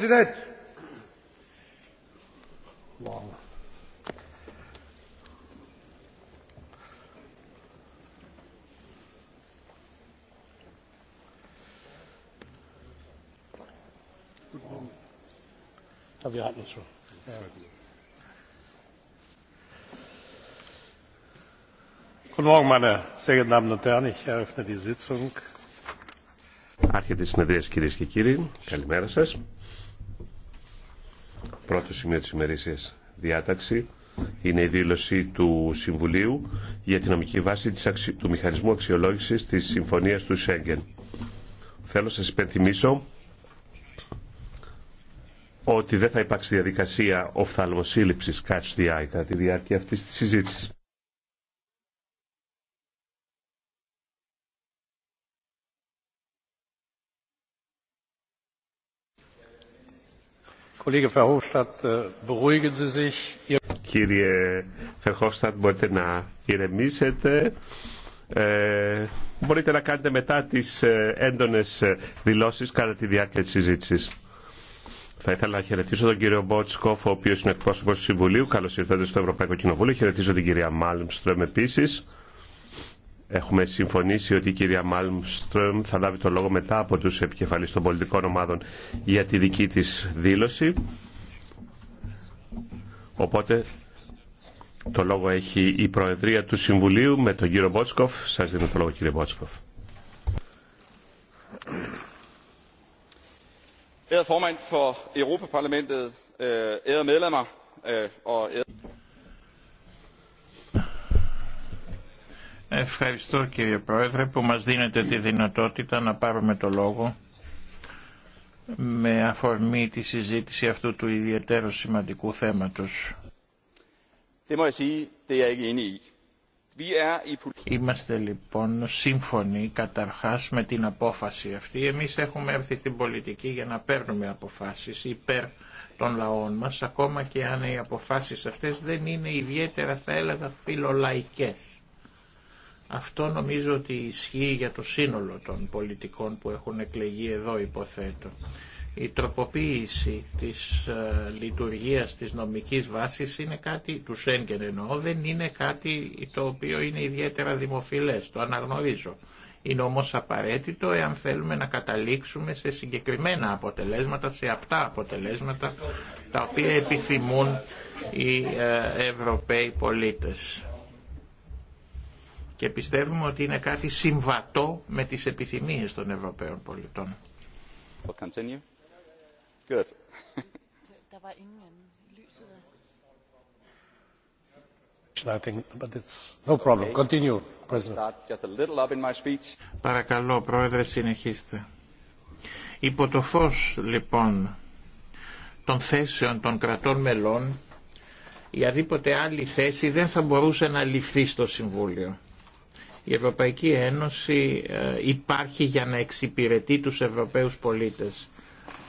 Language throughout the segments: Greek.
President. Long. Have you had this one? Guten Morgen, meine sehr geehrten Damen und Herren. Ich eröffne die Sitzung. Άρχεται η συνεδρίαση κυρίες και κύριοι. Καλημέρα σας. Πρώτο σημείο της ημερήσιας διάταξη είναι η δήλωση του Συμβουλίου για την νομική βάση του μηχανισμού αξιολόγησης της Συμφωνίας του Σέγγεν. Θέλω να σας υπενθυμίσω ότι δεν θα υπάρξει διαδικασία οφθαλμοσύλληψης catch the eye κατά τη διάρκεια αυτής της συζήτησης. Äh, Κύριε Φερχόφστατ, μπορείτε να ηρεμήσετε. Ε, μπορείτε να κάνετε μετά τις ε, έντονες ε, δηλώσεις κατά τη διάρκεια της συζήτησης. Θα ήθελα να χαιρετήσω τον κύριο Μπότσκοφ, ο οποίος είναι εκπρόσωπος του Συμβουλίου. Καλώς ήρθατε στο Ευρωπαϊκό Κοινοβούλιο. Χαιρετίζω την κυρία Μάλμστρομ επίσης. Έχουμε συμφωνήσει ότι η κυρία Μάλμστρομ θα λάβει το λόγο μετά από τους επικεφαλείς των πολιτικών ομάδων για τη δική της δήλωση. Οπότε το λόγο έχει η Προεδρία του Συμβουλίου με τον κύριο Μπότσκοφ. Σας δίνω το λόγο κύριε Μπότσκοφ. for Europaparlamentet, Ευχαριστώ κύριε Πρόεδρε που μας δίνετε τη δυνατότητα να πάρουμε το λόγο με αφορμή τη συζήτηση αυτού του ιδιαίτερου σημαντικού θέματος. Er er Είμαστε λοιπόν σύμφωνοι καταρχάς με την απόφαση αυτή. Εμείς έχουμε έρθει στην πολιτική για να παίρνουμε αποφάσεις υπέρ των λαών μας, ακόμα και αν οι αποφάσεις αυτές δεν είναι ιδιαίτερα θα έλεγα φιλολαϊκές. Αυτό νομίζω ότι ισχύει για το σύνολο των πολιτικών που έχουν εκλεγεί εδώ υποθέτω. Η τροποποίηση της ε, λειτουργίας της νομικής βάσης είναι κάτι, του Σέγγεν εννοώ, δεν είναι κάτι το οποίο είναι ιδιαίτερα δημοφιλές, το αναγνωρίζω. Είναι όμως απαραίτητο εάν θέλουμε να καταλήξουμε σε συγκεκριμένα αποτελέσματα, σε απτά αποτελέσματα, τα οποία επιθυμούν οι ε, Ευρωπαίοι πολίτες και πιστεύουμε ότι είναι κάτι συμβατό με τις επιθυμίες των Ευρωπαίων πολιτών. Παρακαλώ, Πρόεδρε, συνεχίστε. Υπό το φως, λοιπόν, των θέσεων των κρατών μελών, η αδίποτε άλλη θέση δεν θα μπορούσε να ληφθεί στο Συμβούλιο. Η Ευρωπαϊκή Ένωση ε, υπάρχει για να εξυπηρετεί τους Ευρωπαίους πολίτες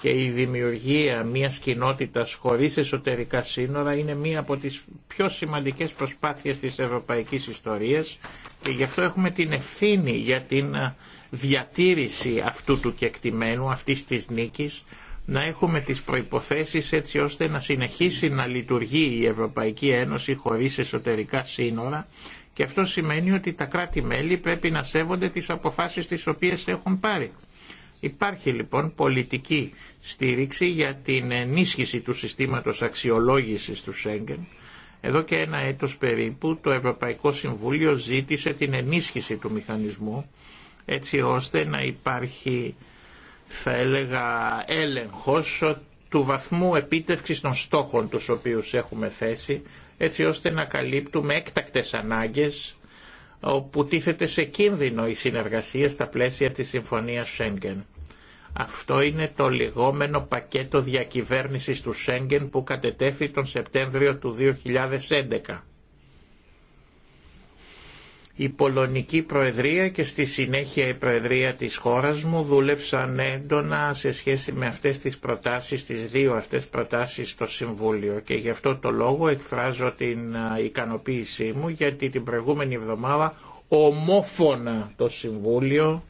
και η δημιουργία μιας κοινότητας χωρίς εσωτερικά σύνορα είναι μία από τις πιο σημαντικές προσπάθειες της ευρωπαϊκής ιστορίας και γι' αυτό έχουμε την ευθύνη για την ε, διατήρηση αυτού του κεκτημένου, αυτής της νίκης, να έχουμε τις προϋποθέσεις έτσι ώστε να συνεχίσει να λειτουργεί η Ευρωπαϊκή Ένωση χωρίς εσωτερικά σύνορα και αυτό σημαίνει ότι τα κράτη-μέλη πρέπει να σέβονται τις αποφάσεις τις οποίες έχουν πάρει. Υπάρχει λοιπόν πολιτική στήριξη για την ενίσχυση του συστήματος αξιολόγησης του Σέγγεν. Εδώ και ένα έτος περίπου το Ευρωπαϊκό Συμβούλιο ζήτησε την ενίσχυση του μηχανισμού έτσι ώστε να υπάρχει θα έλεγα έλεγχος του βαθμού επίτευξης των στόχων τους οποίους έχουμε θέσει έτσι ώστε να καλύπτουμε έκτακτες ανάγκες όπου τίθεται σε κίνδυνο η συνεργασία στα πλαίσια της Συμφωνίας Σέγγεν. Αυτό είναι το λεγόμενο πακέτο διακυβέρνησης του Σέγγεν που κατετέθη τον Σεπτέμβριο του 2011 η Πολωνική Προεδρία και στη συνέχεια η Προεδρία της χώρας μου δούλεψαν έντονα σε σχέση με αυτές τις προτάσεις, τις δύο αυτές προτάσεις στο Συμβούλιο και γι' αυτό το λόγο εκφράζω την ικανοποίησή μου γιατί την προηγούμενη εβδομάδα ομόφωνα το Συμβούλιο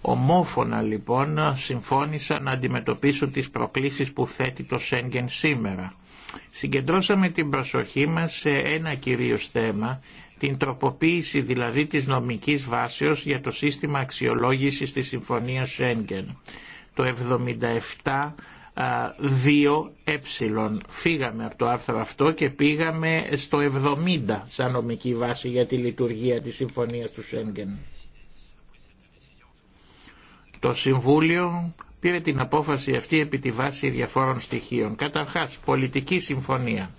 Ομόφωνα λοιπόν συμφώνησαν να αντιμετωπίσουν τις προκλήσεις που θέτει το Σέγγεν σήμερα Συγκεντρώσαμε την προσοχή μας σε ένα κυρίως θέμα, την τροποποίηση δηλαδή της νομικής βάσεως για το σύστημα αξιολόγησης της Συμφωνίας Σέγγεν. Το 77 2 ε. Φύγαμε από το άρθρο αυτό και πήγαμε στο 70 σαν νομική βάση για τη λειτουργία της Συμφωνίας του Σέγγεν. Το Συμβούλιο πήρε την απόφαση αυτή επί τη βάση διαφόρων στοιχείων. Καταρχάς, πολιτική συμφωνία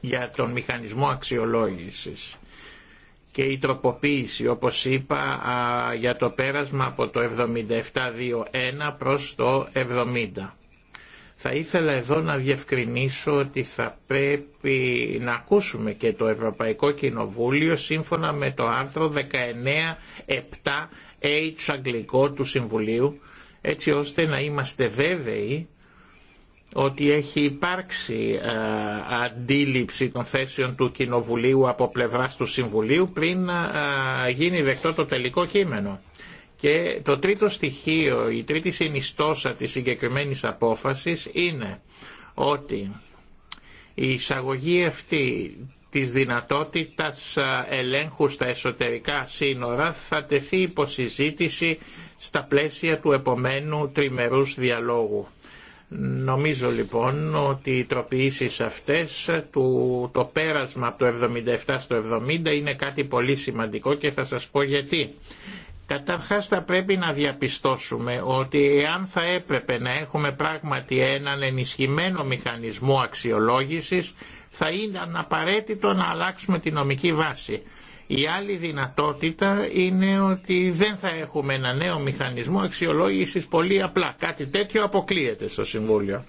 για τον μηχανισμό αξιολόγησης και η τροποποίηση, όπως είπα, για το πέρασμα από το 77-2.1 προς το 70. Θα ήθελα εδώ να διευκρινίσω ότι θα πρέπει να ακούσουμε και το Ευρωπαϊκό Κοινοβούλιο σύμφωνα με το άρθρο 19.7 H αγγλικό του Συμβουλίου έτσι ώστε να είμαστε βέβαιοι ότι έχει υπάρξει ε, αντίληψη των θέσεων του Κοινοβουλίου από πλευράς του Συμβουλίου πριν ε, γίνει δεκτό το τελικό κείμενο. Και το τρίτο στοιχείο, η τρίτη συνιστόσα της συγκεκριμένης απόφασης είναι ότι η εισαγωγή αυτή της δυνατότητας ε, ελέγχου στα εσωτερικά σύνορα θα τεθεί υποσυζήτηση στα πλαίσια του επομένου τριμερούς διαλόγου. Νομίζω λοιπόν ότι οι τροποιήσεις αυτές, του, το πέρασμα από το 77 στο 70 είναι κάτι πολύ σημαντικό και θα σας πω γιατί. Καταρχάς θα πρέπει να διαπιστώσουμε ότι αν θα έπρεπε να έχουμε πράγματι έναν ενισχυμένο μηχανισμό αξιολόγησης θα ήταν απαραίτητο να αλλάξουμε τη νομική βάση. Η άλλη δυνατότητα είναι ότι δεν θα έχουμε ένα νέο μηχανισμό αξιολόγησης πολύ απλά. Κάτι τέτοιο αποκλείεται στο Συμβούλιο.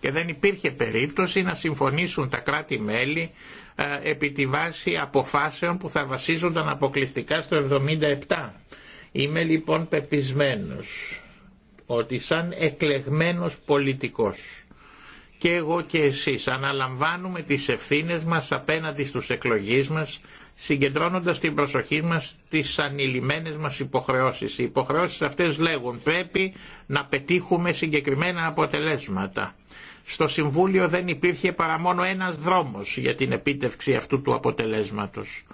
Και δεν υπήρχε περίπτωση να συμφωνήσουν τα κράτη-μέλη ε, επί τη βάση αποφάσεων που θα βασίζονταν αποκλειστικά στο 77. Είμαι λοιπόν πεπισμένος ότι σαν εκλεγμένος πολιτικός και εγώ και εσείς αναλαμβάνουμε τις ευθύνες μας απέναντι στους εκλογείς μας συγκεντρώνοντας την προσοχή μας στις ανηλυμένες μας υποχρεώσεις. Οι υποχρεώσεις αυτές λέγουν πρέπει να πετύχουμε συγκεκριμένα αποτελέσματα. Στο Συμβούλιο δεν υπήρχε παρά μόνο ένας δρόμος για την επίτευξη αυτού του αποτελέσματος.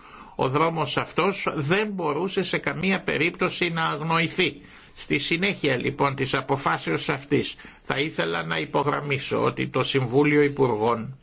Ο δρόμος αυτός δεν μπορούσε σε καμία περίπτωση να αγνοηθεί. Στη συνέχεια λοιπόν της αποφάσεως αυτής θα ήθελα να υπογραμμίσω ότι το Συμβούλιο Υπουργών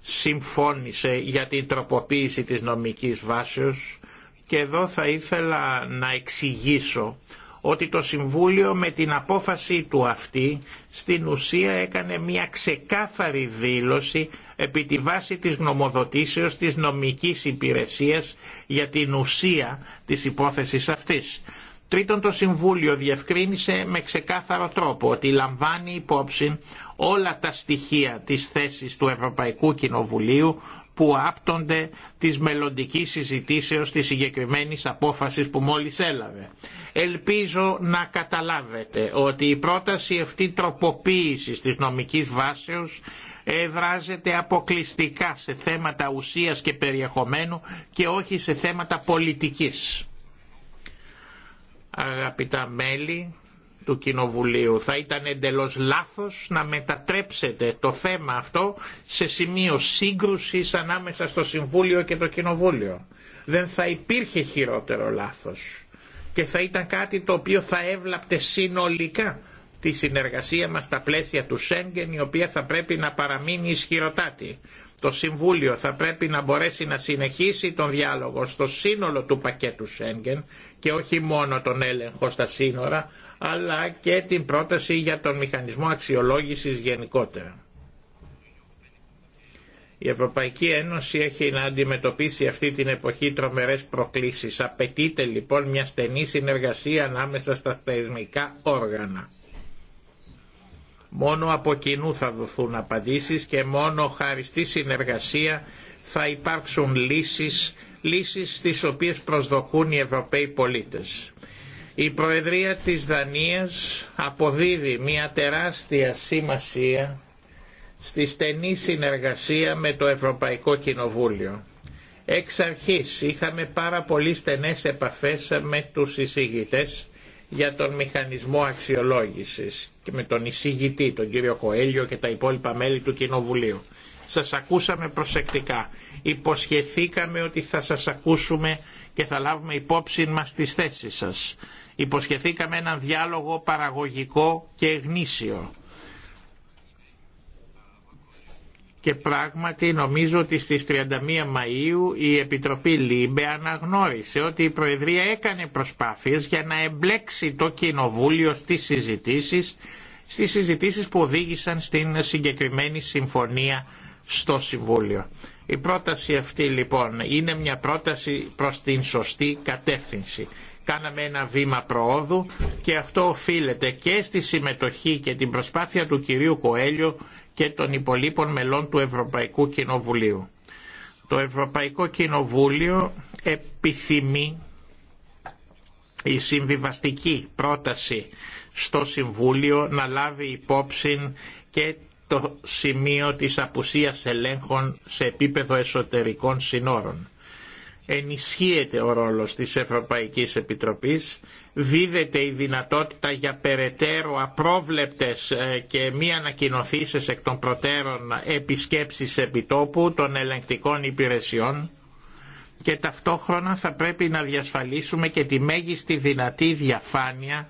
συμφώνησε για την τροποποίηση της νομικής βάσεως και εδώ θα ήθελα να εξηγήσω ότι το Συμβούλιο με την απόφαση του αυτή στην ουσία έκανε μια ξεκάθαρη δήλωση επί τη βάση της γνωμοδοτήσεως της νομικής υπηρεσίας για την ουσία της υπόθεσης αυτής. Τρίτον, το Συμβούλιο διευκρίνησε με ξεκάθαρο τρόπο ότι λαμβάνει υπόψη όλα τα στοιχεία της θέσης του Ευρωπαϊκού Κοινοβουλίου που άπτονται της μελλοντική συζητήσεως της συγκεκριμένη απόφασης που μόλις έλαβε. Ελπίζω να καταλάβετε ότι η πρόταση αυτή τροποποίησης της νομικής βάσεως εδράζεται αποκλειστικά σε θέματα ουσίας και περιεχομένου και όχι σε θέματα πολιτικής. Αγαπητά μέλη, του Κοινοβουλίου. Θα ήταν εντελώς λάθος να μετατρέψετε το θέμα αυτό σε σημείο σύγκρουσης ανάμεσα στο Συμβούλιο και το Κοινοβούλιο. Δεν θα υπήρχε χειρότερο λάθος και θα ήταν κάτι το οποίο θα έβλαπτε συνολικά τη συνεργασία μας στα πλαίσια του Σέγγεν η οποία θα πρέπει να παραμείνει ισχυροτάτη. Το Συμβούλιο θα πρέπει να μπορέσει να συνεχίσει τον διάλογο στο σύνολο του πακέτου Σέγγεν και όχι μόνο τον έλεγχο στα σύνορα, αλλά και την πρόταση για τον μηχανισμό αξιολόγησης γενικότερα. Η Ευρωπαϊκή Ένωση έχει να αντιμετωπίσει αυτή την εποχή τρομερές προκλήσεις. Απαιτείται λοιπόν μια στενή συνεργασία ανάμεσα στα θεσμικά όργανα. Μόνο από κοινού θα δοθούν απαντήσεις και μόνο χάρη συνεργασία θα υπάρξουν λύσεις, λύσεις στις οποίες προσδοκούν οι Ευρωπαίοι πολίτες. Η Προεδρία της Δανίας αποδίδει μια τεράστια σημασία στη στενή συνεργασία με το Ευρωπαϊκό Κοινοβούλιο. Εξ αρχής είχαμε πάρα πολύ στενές επαφές με τους εισηγητές για τον μηχανισμό αξιολόγησης και με τον εισηγητή, τον κύριο Κοέλιο και τα υπόλοιπα μέλη του Κοινοβουλίου. Σας ακούσαμε προσεκτικά. Υποσχεθήκαμε ότι θα σας ακούσουμε και θα λάβουμε υπόψη μας τις θέσεις σας. Υποσχεθήκαμε έναν διάλογο παραγωγικό και γνήσιο και πράγματι νομίζω ότι στις 31 Μαΐου η Επιτροπή Λίμπε αναγνώρισε ότι η Προεδρία έκανε προσπάθειες για να εμπλέξει το Κοινοβούλιο στις συζητήσεις, στις συζητήσεις που οδήγησαν στην συγκεκριμένη συμφωνία στο Συμβούλιο. Η πρόταση αυτή λοιπόν είναι μια πρόταση προς την σωστή κατεύθυνση κάναμε ένα βήμα προόδου και αυτό οφείλεται και στη συμμετοχή και την προσπάθεια του κυρίου Κοέλιο και των υπολείπων μελών του Ευρωπαϊκού Κοινοβουλίου. Το Ευρωπαϊκό Κοινοβούλιο επιθυμεί η συμβιβαστική πρόταση στο Συμβούλιο να λάβει υπόψη και το σημείο της απουσίας ελέγχων σε επίπεδο εσωτερικών συνόρων ενισχύεται ο ρόλος της Ευρωπαϊκής Επιτροπής, δίδεται η δυνατότητα για περαιτέρω απρόβλεπτες ε, και μη ανακοινωθήσει εκ των προτέρων επισκέψεις επιτόπου των ελεγκτικών υπηρεσιών και ταυτόχρονα θα πρέπει να διασφαλίσουμε και τη μέγιστη δυνατή διαφάνεια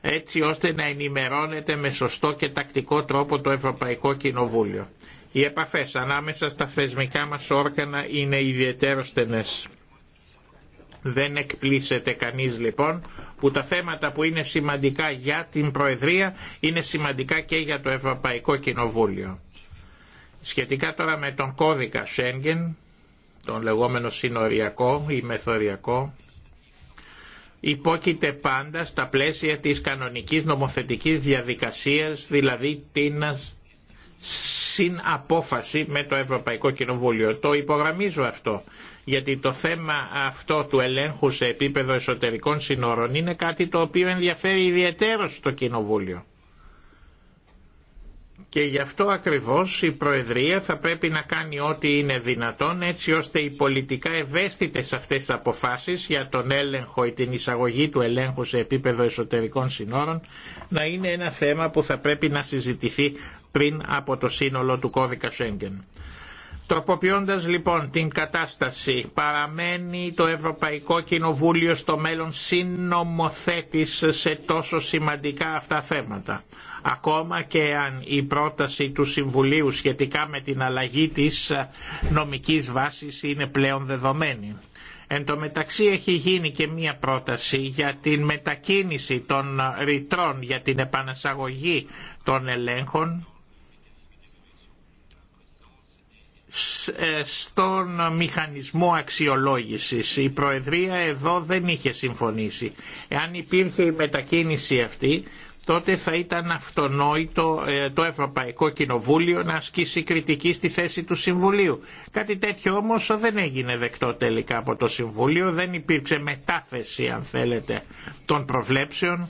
έτσι ώστε να ενημερώνεται με σωστό και τακτικό τρόπο το Ευρωπαϊκό Κοινοβούλιο. Οι επαφές ανάμεσα στα θεσμικά μας όργανα είναι ιδιαίτερο στενές. Δεν εκπλήσεται κανείς λοιπόν που τα θέματα που είναι σημαντικά για την Προεδρία είναι σημαντικά και για το Ευρωπαϊκό Κοινοβούλιο. Σχετικά τώρα με τον κώδικα Schengen, τον λεγόμενο συνοριακό ή μεθοριακό, υπόκειται πάντα στα πλαίσια της κανονικής νομοθετικής διαδικασίας, δηλαδή τίνας συναπόφαση με το Ευρωπαϊκό Κοινοβούλιο. Το υπογραμμίζω αυτό, γιατί το θέμα αυτό του ελέγχου σε επίπεδο εσωτερικών συνόρων είναι κάτι το οποίο ενδιαφέρει ιδιαίτερο στο Κοινοβούλιο. Και γι' αυτό ακριβώς η Προεδρία θα πρέπει να κάνει ό,τι είναι δυνατόν έτσι ώστε οι πολιτικά ευαίσθητες αυτές τις αποφάσεις για τον έλεγχο ή την εισαγωγή του ελέγχου σε επίπεδο εσωτερικών συνόρων να είναι ένα θέμα που θα πρέπει να συζητηθεί πριν από το σύνολο του κώδικα Σέγγεν. Τροποποιώντας λοιπόν την κατάσταση παραμένει το Ευρωπαϊκό Κοινοβούλιο στο μέλλον συνομοθέτης σε τόσο σημαντικά αυτά θέματα. Ακόμα και αν η πρόταση του Συμβουλίου σχετικά με την αλλαγή της νομικής βάσης είναι πλέον δεδομένη. Εν τω μεταξύ έχει γίνει και μία πρόταση για την μετακίνηση των ρητρών για την επανασαγωγή των ελέγχων Ε, στον μηχανισμό αξιολόγησης. Η Προεδρία εδώ δεν είχε συμφωνήσει. Εάν υπήρχε η μετακίνηση αυτή, τότε θα ήταν αυτονόητο ε, το Ευρωπαϊκό Κοινοβούλιο να ασκήσει κριτική στη θέση του Συμβουλίου. Κάτι τέτοιο όμως δεν έγινε δεκτό τελικά από το Συμβούλιο, δεν υπήρξε μετάθεση αν θέλετε των προβλέψεων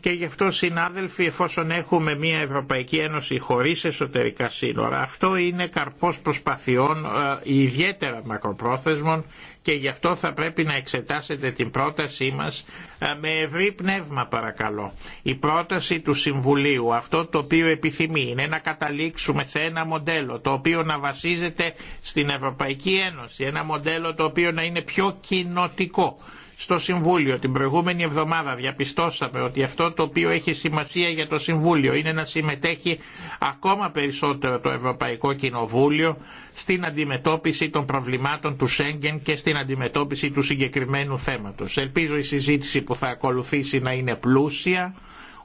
και γι' αυτό συνάδελφοι εφόσον έχουμε μια Ευρωπαϊκή Ένωση χωρίς εσωτερικά σύνορα αυτό είναι καρπός προσπαθειών ε, ιδιαίτερα μακροπρόθεσμων και γι' αυτό θα πρέπει να εξετάσετε την πρότασή μας ε, με ευρύ πνεύμα παρακαλώ. Η πρόταση του Συμβουλίου, αυτό το οποίο επιθυμεί είναι να καταλήξουμε σε ένα μοντέλο το οποίο να βασίζεται στην Ευρωπαϊκή Ένωση, ένα μοντέλο το οποίο να είναι πιο κοινοτικό στο Συμβούλιο. Την προηγούμενη εβδομάδα διαπιστώσαμε ότι αυτό το οποίο έχει σημασία για το Συμβούλιο είναι να συμμετέχει ακόμα περισσότερο το Ευρωπαϊκό Κοινοβούλιο στην αντιμετώπιση των προβλημάτων του Σέγγεν και στην στην αντιμετώπιση του συγκεκριμένου θέματος. Ελπίζω η συζήτηση που θα ακολουθήσει να είναι πλούσια.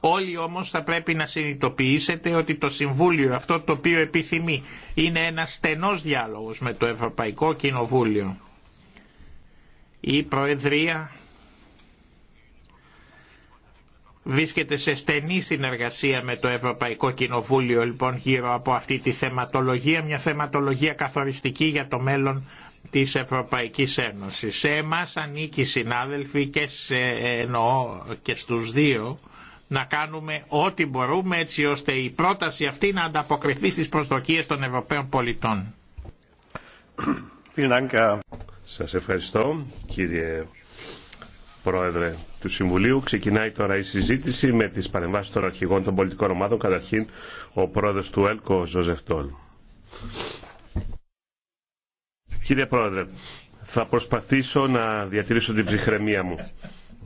Όλοι όμως θα πρέπει να συνειδητοποιήσετε ότι το Συμβούλιο αυτό το οποίο επιθυμεί είναι ένα στενός διάλογος με το Ευρωπαϊκό Κοινοβούλιο. Η Προεδρία βρίσκεται σε στενή συνεργασία με το Ευρωπαϊκό Κοινοβούλιο λοιπόν γύρω από αυτή τη θεματολογία, μια θεματολογία καθοριστική για το μέλλον της Ευρωπαϊκής Ένωσης. Σε εμάς ανήκει συνάδελφοι και σε εννοώ και στους δύο να κάνουμε ό,τι μπορούμε έτσι ώστε η πρόταση αυτή να ανταποκριθεί στις προσδοκίες των Ευρωπαίων πολιτών. Σας ευχαριστώ κύριε Πρόεδρε του Συμβουλίου. Ξεκινάει τώρα η συζήτηση με τις παρεμβάσεις των αρχηγών των πολιτικών ομάδων. Καταρχήν ο πρόεδρος του ΕΛΚΟ, Ζωζεφτόλ. Κύριε Πρόεδρε, θα προσπαθήσω να διατηρήσω την ψυχραιμία μου.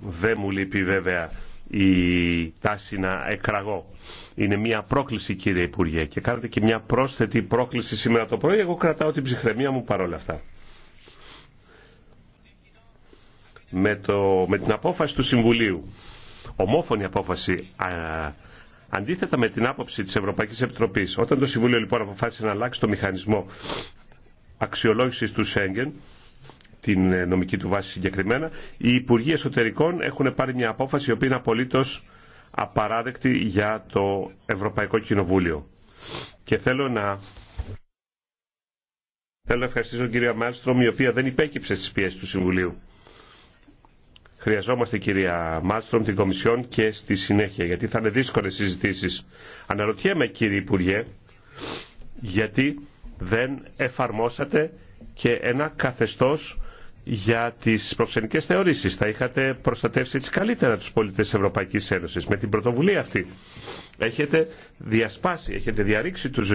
Δεν μου λείπει βέβαια η τάση να εκραγώ. Είναι μια πρόκληση κύριε Υπουργέ και κάνετε και μια πρόσθετη πρόκληση σήμερα το πρωί. Εγώ κρατάω την ψυχραιμία μου παρόλα αυτά. Με, το, με την απόφαση του Συμβουλίου, ομόφωνη απόφαση, αντίθετα με την άποψη της Ευρωπαϊκής Επιτροπής, όταν το Συμβούλιο λοιπόν αποφάσισε να αλλάξει το μηχανισμό Αξιολόγηση του Σέγγεν, την ε, νομική του βάση συγκεκριμένα, οι Υπουργοί Εσωτερικών έχουν πάρει μια απόφαση η οποία είναι απολύτω απαράδεκτη για το Ευρωπαϊκό Κοινοβούλιο. Και θέλω να Θέλω να ευχαριστήσω την κυρία Μάλστρομ, η οποία δεν υπέκυψε στις πιέσει του Συμβουλίου. Χρειαζόμαστε, κυρία Μάλστρομ, την Κομισιόν και στη συνέχεια, γιατί θα είναι δύσκολε συζητήσει. Αναρωτιέμαι, κύριε Υπουργέ, γιατί δεν εφαρμόσατε και ένα καθεστώς για τις προξενικές θεωρήσεις. Θα είχατε προστατεύσει έτσι καλύτερα τους πολίτες της Ευρωπαϊκής Ένωσης με την πρωτοβουλία αυτή. Έχετε διασπάσει, έχετε διαρρήξει τους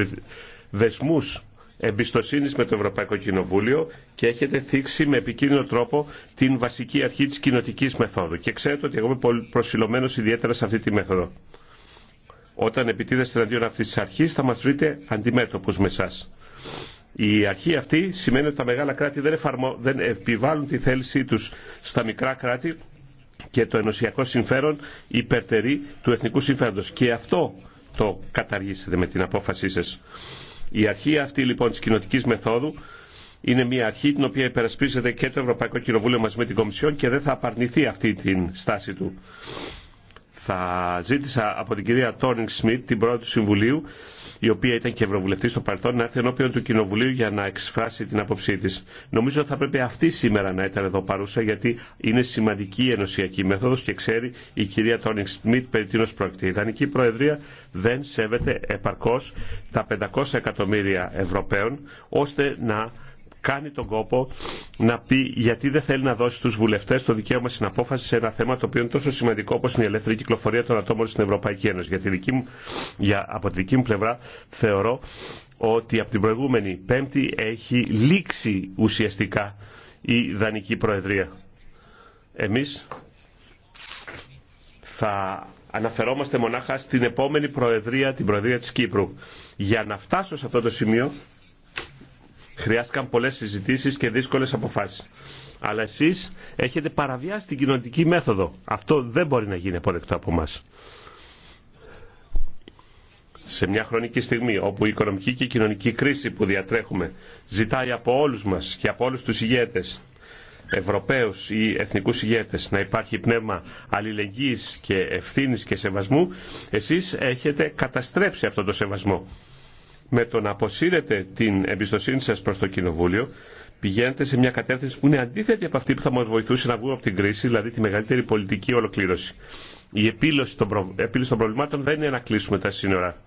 δεσμούς εμπιστοσύνης με το Ευρωπαϊκό Κοινοβούλιο και έχετε θίξει με επικίνδυνο τρόπο την βασική αρχή της κοινοτική μεθόδου. Και ξέρετε ότι εγώ είμαι προσιλωμένος ιδιαίτερα σε αυτή τη μέθοδο. Όταν επιτίθεστε εναντίον αυτή τη αρχή, θα μα βρείτε αντιμέτωπου με εσά. Η αρχή αυτή σημαίνει ότι τα μεγάλα κράτη δεν, δεν επιβάλλουν τη θέλησή τους στα μικρά κράτη και το ενωσιακό συμφέρον υπερτερεί του εθνικού συμφέροντος. Και αυτό το καταργήσετε με την απόφασή σας. Η αρχή αυτή λοιπόν της κοινοτική μεθόδου είναι μια αρχή την οποία υπερασπίζεται και το Ευρωπαϊκό Κοινοβούλιο μαζί με την Κομισιόν και δεν θα απαρνηθεί αυτή την στάση του. Θα ζήτησα από την κυρία Τόνινγκ Σμιτ, την πρώτη του Συμβουλίου, η οποία ήταν και ευρωβουλευτή στο παρελθόν, να έρθει ενώπιον του Κοινοβουλίου για να εξφράσει την άποψή τη. Νομίζω ότι θα πρέπει αυτή σήμερα να ήταν εδώ παρούσα, γιατί είναι σημαντική η ενωσιακή μέθοδο και ξέρει η κυρία Τόνινγκ Σμιτ περί τίνο πρόκειται. Η Ιδανική Προεδρία δεν σέβεται επαρκώ τα 500 εκατομμύρια Ευρωπαίων, ώστε να κάνει τον κόπο να πει γιατί δεν θέλει να δώσει στους βουλευτές το δικαίωμα στην απόφαση σε ένα θέμα το οποίο είναι τόσο σημαντικό όπως είναι η ελεύθερη κυκλοφορία των ατόμων στην Ευρωπαϊκή Ένωση. Γιατί για, από τη δική μου πλευρά θεωρώ ότι από την προηγούμενη Πέμπτη έχει λήξει ουσιαστικά η Δανική Προεδρία. Εμείς θα αναφερόμαστε μονάχα στην επόμενη Προεδρία, την Προεδρία της Κύπρου. Για να φτάσω σε αυτό το σημείο Χρειάστηκαν πολλέ συζητήσει και δύσκολες αποφάσεις. Αλλά εσείς έχετε παραβιάσει την κοινωνική μέθοδο. Αυτό δεν μπορεί να γίνει αποδεκτό από εμά. Σε μια χρονική στιγμή όπου η οικονομική και η κοινωνική κρίση που διατρέχουμε ζητάει από όλους μας και από όλους τους ηγέτες Ευρωπαίους ή εθνικούς ηγέτες να υπάρχει πνεύμα αλληλεγγύης και ευθύνης και σεβασμού, εσείς έχετε καταστρέψει αυτό το σεβασμό με το να αποσύρετε την εμπιστοσύνη σας προς το Κοινοβούλιο, πηγαίνετε σε μια κατεύθυνση που είναι αντίθετη από αυτή που θα μας βοηθούσε να βγούμε από την κρίση, δηλαδή τη μεγαλύτερη πολιτική ολοκλήρωση. Η επίλυση των, των προβλημάτων δεν είναι να κλείσουμε τα σύνορα.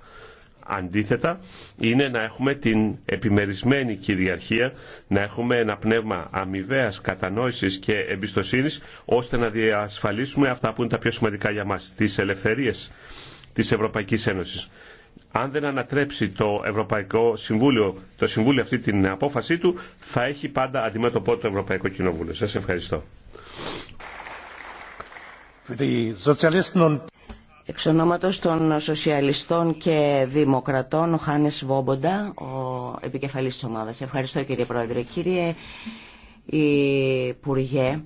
Αντίθετα, είναι να έχουμε την επιμερισμένη κυριαρχία, να έχουμε ένα πνεύμα αμοιβαία κατανόησης και εμπιστοσύνης, ώστε να διασφαλίσουμε αυτά που είναι τα πιο σημαντικά για μας, τις ελευθερίες της Ευρωπαϊκής Ένωσης αν δεν ανατρέψει το Ευρωπαϊκό Συμβούλιο, το Συμβούλιο αυτή την απόφασή του, θα έχει πάντα αντιμέτωπό το Ευρωπαϊκό Κοινοβούλιο. Σας ευχαριστώ. Εξ ονόματος των Σοσιαλιστών και Δημοκρατών, ο Χάνες Βόμποντα, ο επικεφαλής της ομάδας. Ευχαριστώ κύριε Πρόεδρε. Κύριε Υπουργέ,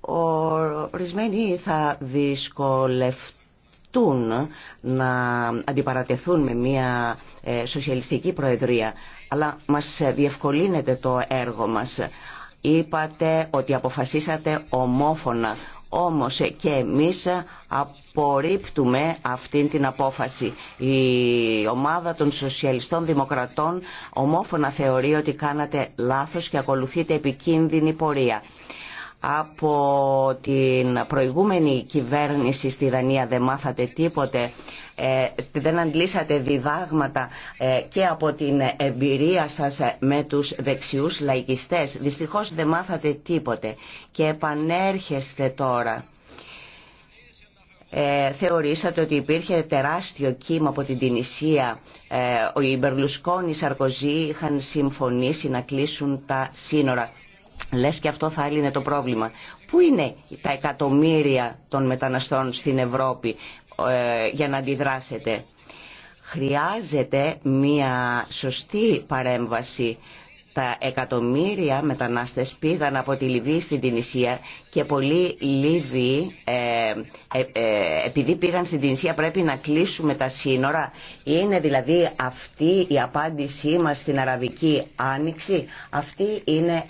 ορισμένοι θα δυσκολευτούν να αντιπαρατεθούν με μια ε, σοσιαλιστική προεδρία. Αλλά μας διευκολύνεται το έργο μας. Είπατε ότι αποφασίσατε ομόφωνα όμως και εμείς απορρίπτουμε αυτήν την απόφαση. Η ομάδα των Σοσιαλιστών Δημοκρατών ομόφωνα θεωρεί ότι κάνατε λάθος και ακολουθείτε επικίνδυνη πορεία από την προηγούμενη κυβέρνηση στη Δανία δεν μάθατε τίποτε, ε, δεν αντλήσατε διδάγματα ε, και από την εμπειρία σας ε, με τους δεξιούς λαϊκιστές. Δυστυχώς δεν μάθατε τίποτε και επανέρχεστε τώρα. Ε, θεωρήσατε ότι υπήρχε τεράστιο κύμα από την Τινησία. Οι ο Ιμπερλουσκόνη, οι Σαρκοζή είχαν συμφωνήσει να κλείσουν τα σύνορα. Λες και αυτό θα έλυνε το πρόβλημα. Πού είναι τα εκατομμύρια των μεταναστών στην Ευρώπη ε, για να αντιδράσετε. Χρειάζεται μια σωστή παρέμβαση τα εκατομμύρια μετανάστες πήγαν από τη Λιβύη στην Τινησία και πολλοί Λίβοι ε, ε, ε, επειδή πήγαν στην Τινησία πρέπει να κλείσουμε τα σύνορα. Είναι δηλαδή αυτή η απάντησή μας στην Αραβική Άνοιξη. Αυτή είναι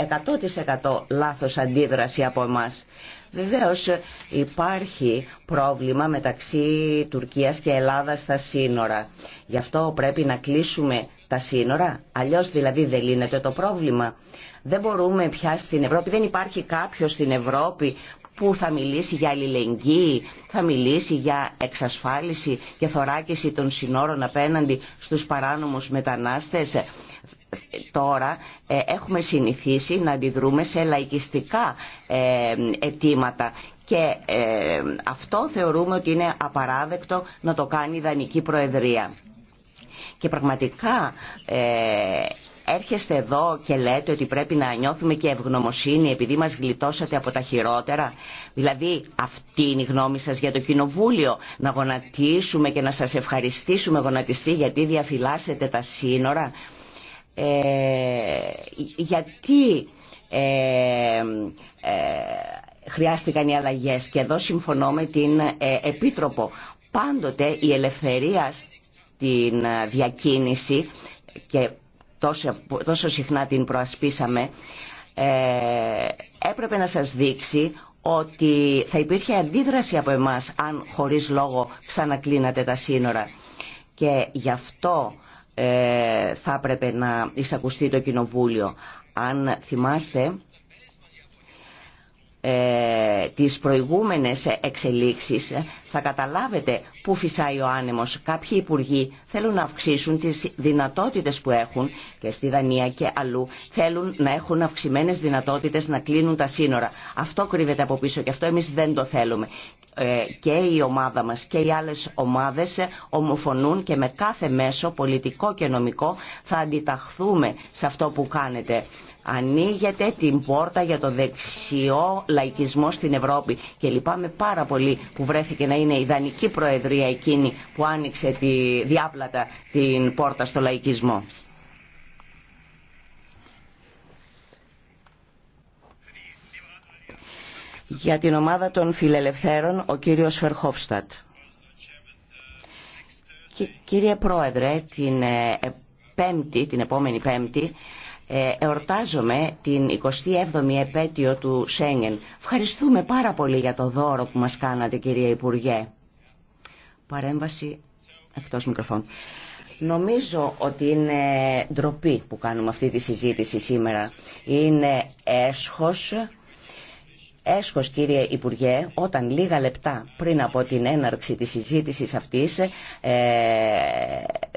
100% λάθος αντίδραση από εμάς. Βεβαίως υπάρχει πρόβλημα μεταξύ Τουρκίας και Ελλάδας στα σύνορα. Γι' αυτό πρέπει να κλείσουμε τα σύνορα. Αλλιώς δηλαδή δεν λύνεται το πρόβλημα. Δεν μπορούμε πια στην Ευρώπη, δεν υπάρχει κάποιο στην Ευρώπη που θα μιλήσει για αλληλεγγύη, θα μιλήσει για εξασφάλιση και θωράκιση των συνόρων απέναντι στους παράνομους μετανάστες. Τώρα ε, έχουμε συνηθίσει να αντιδρούμε σε λαϊκιστικά ε, αιτήματα και ε, αυτό θεωρούμε ότι είναι απαράδεκτο να το κάνει η Δανική Προεδρία. Και πραγματικά ε, έρχεστε εδώ και λέτε ότι πρέπει να νιώθουμε και ευγνωμοσύνη επειδή μας γλιτώσατε από τα χειρότερα. Δηλαδή αυτή είναι η γνώμη σας για το Κοινοβούλιο. Να γονατίσουμε και να σας ευχαριστήσουμε γονατιστή γιατί διαφυλάσσετε τα σύνορα. Ε, γιατί ε, ε, χρειάστηκαν οι αλλαγές και εδώ συμφωνώ με την Επίτροπο. Πάντοτε η ελευθερία την ε, διακίνηση και τόσο, τόσο συχνά την προασπίσαμε, ε, έπρεπε να σας δείξει ότι θα υπήρχε αντίδραση από εμάς αν χωρίς λόγο ξανακλίνατε τα σύνορα. Και γι' αυτό ε, θα έπρεπε να εισακουστεί το Κοινοβούλιο. Αν θυμάστε ε, τις προηγούμενες εξελίξεις θα καταλάβετε που φυσάει ο άνεμος. Κάποιοι υπουργοί θέλουν να αυξήσουν τις δυνατότητες που έχουν και στη Δανία και αλλού θέλουν να έχουν αυξημένες δυνατότητες να κλείνουν τα σύνορα. Αυτό κρύβεται από πίσω και αυτό εμείς δεν το θέλουμε. Ε, και η ομάδα μας και οι άλλες ομάδες ομοφωνούν και με κάθε μέσο πολιτικό και νομικό θα αντιταχθούμε σε αυτό που κάνετε. Ανοίγετε την πόρτα για το δεξιό λαϊκισμό στην Ευρώπη και λυπάμαι πάρα πολύ που βρέθηκε να είναι ιδανική προεδρία ιστορία εκείνη που άνοιξε τη διάπλατα την πόρτα στο λαϊκισμό. Για την ομάδα των φιλελευθέρων, ο κύριος Φερχόφστατ. Κύριε Πρόεδρε, την, ε, πέμπτη, την επόμενη πέμπτη, ε, εορτάζομαι την 27η επέτειο του Σέγγεν. Ευχαριστούμε πάρα πολύ για το δώρο που μας κάνατε, κύριε Υπουργέ. Παρέμβαση εκτός μικροφών. Νομίζω ότι είναι ντροπή που κάνουμε αυτή τη συζήτηση σήμερα. Είναι έσχος Έσχος κύριε Υπουργέ, όταν λίγα λεπτά πριν από την έναρξη της συζήτησης αυτής ε,